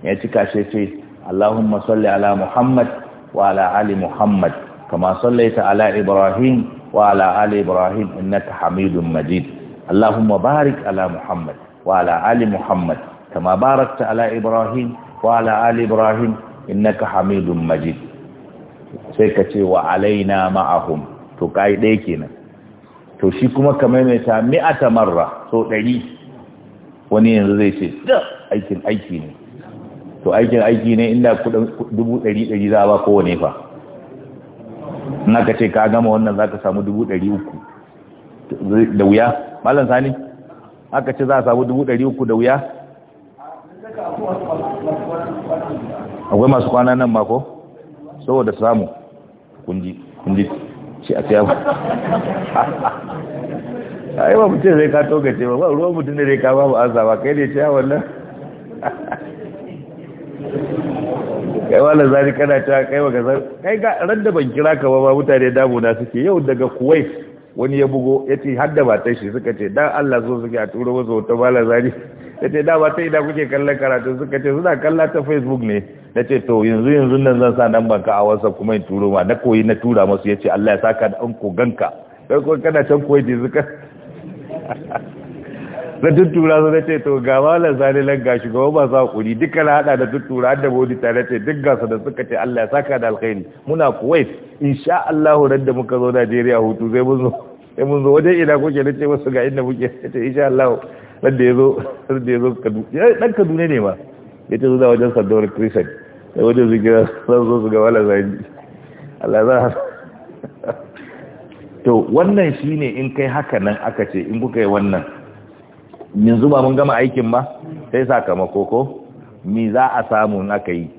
ya cika shi ce Allahumma salli ala Muhammad wa ala ali Muhammad kama sallaita ala Ibrahim wa ala ali Ibrahim innaka hamidun Majid Allahumma barik ala Muhammad wa ala ali Muhammad kama barakta ala Ibrahim wa ala ali Ibrahim innaka hamidun majid sai ka ce wa alaina ma'ahum to kai ɗaya kenan to shi kuma ka maimaita mi'ata marra so ɗari wani yanzu zai ce da aikin aiki ne to aikin aiki ne inda dubu ɗari ɗari za a ba kowane fa na ka ce ka gama wannan za ka samu dubu ɗari uku da wuya malam sani aka ce za a samu dubu ɗari uku da wuya akwai masu kwana nan mako saboda samu kunji kunji shi a tsaya a yi ba mutum zai ka togace ba ruwan mutum da zai ka ba ba ba kai ne cewa wannan kai wala zari kana ta kai wa gazar kai ga ran da ban kira ka ba ba mutane damuna suke yau daga kuwait wani ya bugo ya ce har ba ta shi suka ce dan allah zo suke a turo masa wata wala zari da ce dama ta ina kuke kallon karatu suka ce suna kalla ta facebook ne na ce to yanzu yanzu nan zan sa nan banka a wasa kuma in turo ma na koyi na tura masu ya ce allah ya saka da an koganka don kuma kana can koyi ce suka na tuttura su na ce to ga malar zane nan ga shugaban masu hakuri duka na hada da tuttura har da bodi tare ce duk gasa da suka ce Allah ya saka da alkhairi muna kuwait insha Allah ran da muka zo Najeriya hutu sai mun zo sai mun zo wajen ina kuke na ce musu ga inda muke ce insha Allah wadda ya zo ya zo ɗan kaduna ne ma ya ce zuwa wajen sardaunar krishan da wajen su zan zo su ga wala zani Allah to wannan shi ne in kai haka nan aka ce in kuka yi wannan yanzu ba mun gama aikin ba sai sakamako ko mi za a samu na ka yi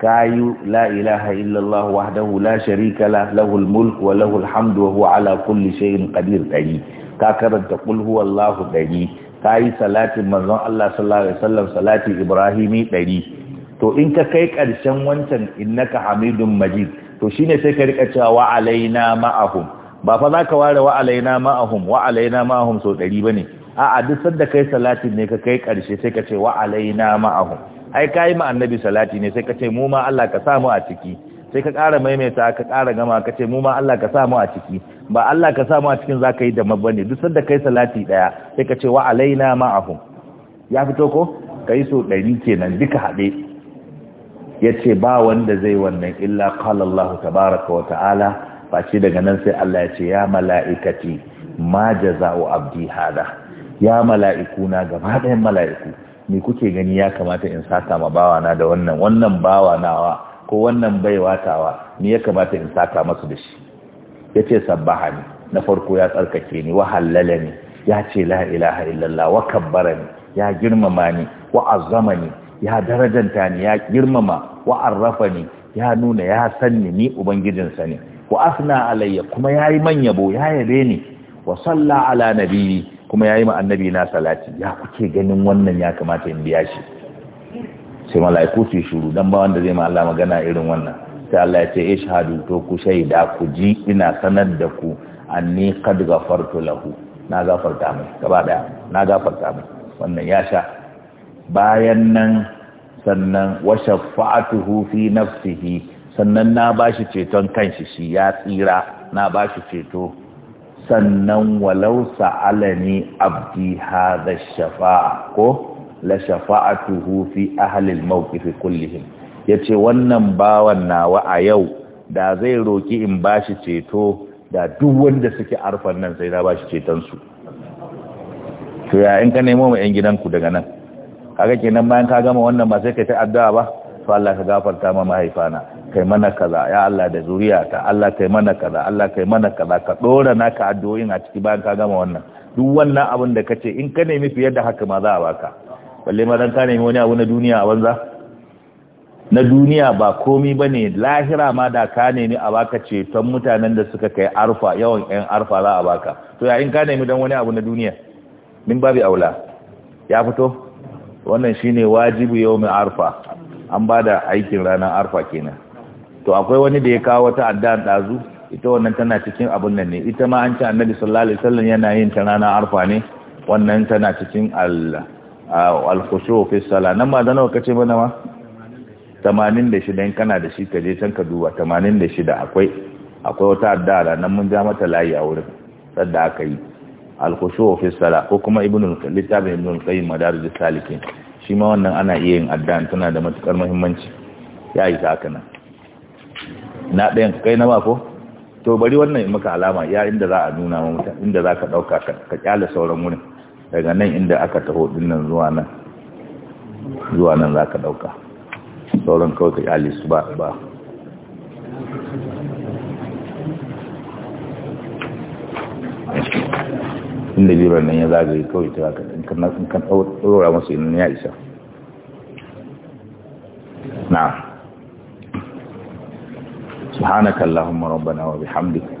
kayu la ilaha illallah wahdahu la sharika la lahul mulk wa lahul hamdu wa huwa ala kulli shay'in qadir dari ka karanta qul huwallahu dari ka yi salatin manzon Allah sallallahu alaihi wasallam salati ibrahimi ɗari to in ka kai ƙarshen wancan innaka hamidun majid to shine sai ka rika cewa wa alaina ma'ahum ba fa ka ware wa alaina ma'ahum wa alaina ma'ahum so 100 bane a'a duk sanda kai salatin ne ka kai ƙarshe sai ka ce wa alaina ma'ahum ai yi ma annabi salati ne sai ka ce mu ma Allah ka samu a ciki sai ka ƙara maimaita ka ƙara gama ka ce mu ma Allah ka samu a ciki ba Allah ka samu a cikin za ka yi da mabane duk sanda kai salati ɗaya sai ka ce wa alaina afu ya fito ko kai yi so ɗari kenan duka haɗe yace ba wanda zai wannan illa kalallahu tabaraka wa ta'ala ba ce daga nan sai Allah ya ce ya mala'ikati ma jazaa'u abdi hada ya mala'ikuna gaba gabaɗayan mala'iku me kuke gani ya kamata in saka ma bawana da wannan wannan bawa nawa ko wannan bai watawa ni ya kamata in saka masu da shi ya ce sabbaha na farko ya tsarkake ni wa hallala ni ya ce la ilaha illallah wa kabbara ni ya girmama ni wa azama ni ya darajanta ni ya girmama wa arrafa ni ya nuna ya sanni ni ubangijinsa ne wa asna alayya kuma ya yi man yabo ya yabe ni wa salla ala nabi kuma yayi ma annabi na salati ya kuke ganin wannan ya kamata in biya shi sai mala'iku su yi shuru dan ba wanda zai ma Allah magana irin wannan sai Allah ya ce ishhadu to ku shaida ku ji ina sanar da ku anni qad ghafartu lahu na gafarta mai gaba daya na gafarta mai wannan ya sha bayan nan sannan wa shafa'atuhu fi nafsihi sannan na bashi ceton kanshi shi ya tsira na bashi ceto sannan walau sa'alani abdi hadha shafa'a ko la shafa'atuhu fi ahli al-mawqif kullihim yace wannan bawan nawa a yau da zai roki in bashi ceto da duk wanda suke arfan nan sai da bashi ceton su to ya in ka nemo mu yan gidanku daga nan kaga kenan bayan ka gama wannan ba sai ka ta addu'a ba to Allah ka gafarta ma mahaifana kai mana kaza ya Allah da ta Allah kai mana kaza Allah kai mana kaza ka dora naka addu'o'in a ciki bayan ka gama wannan duk wannan abin da kace in ka nemi fiye da haka ma za a baka balle ma dan ka nemi wani abu na duniya a banza na duniya ba komi ba ne lahira ma da ka nemi a baka ceton mutanen da suka kai arfa yawan yan arfa za a baka to yayin ka nemi dan wani abu na duniya min babi aula ya fito wannan shine wajibu yawmin arfa an bada aikin ranar arfa kenan to akwai wani da ya kawo wata addan dazu ita wannan tana cikin abun nan ne ita ma an ci annabi sallallahu alaihi wasallam yana yin ta ranar arfa ne wannan tana cikin Allah alkhushu fi sala nan ma da nawa ce mana ma 86 in kana da shi kaje can ka duba 86 akwai akwai wata addara nan mun ja mata layi a wurin sadda aka yi alkhushu fi sala ko kuma ibnu littafin ibnu qayyim madarij salikin shi ma wannan ana iya yin addan tana da matukar muhimmanci ya yi haka nan na ɗayan kai na mako to bari wannan maka alama ya inda za a nuna mutane inda za ka ɗauka ka kyale sauran wurin daga nan inda aka taho dinnan zuwa nan zuwa nan za ka ɗauka sauran kawai ka yi su ba ba inda liban nan ya zagaye kawai ta haka in kan ɗaura masu yin ya isa na subhanakallahumma rabbana wa bihamdika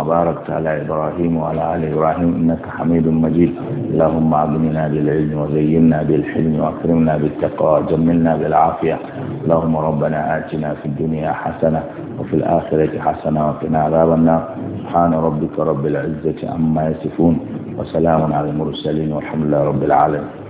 وباركت على إبراهيم وعلى آل إبراهيم إنك حميد مجيد اللهم أغننا بالعلم وزينا بالحلم وأكرمنا بالتقوى وجملنا بالعافية اللهم ربنا آتنا في الدنيا حسنة وفي الآخرة حسنة وقنا عذاب النار سبحان ربك رب العزة عما يصفون وسلام على المرسلين والحمد لله رب العالمين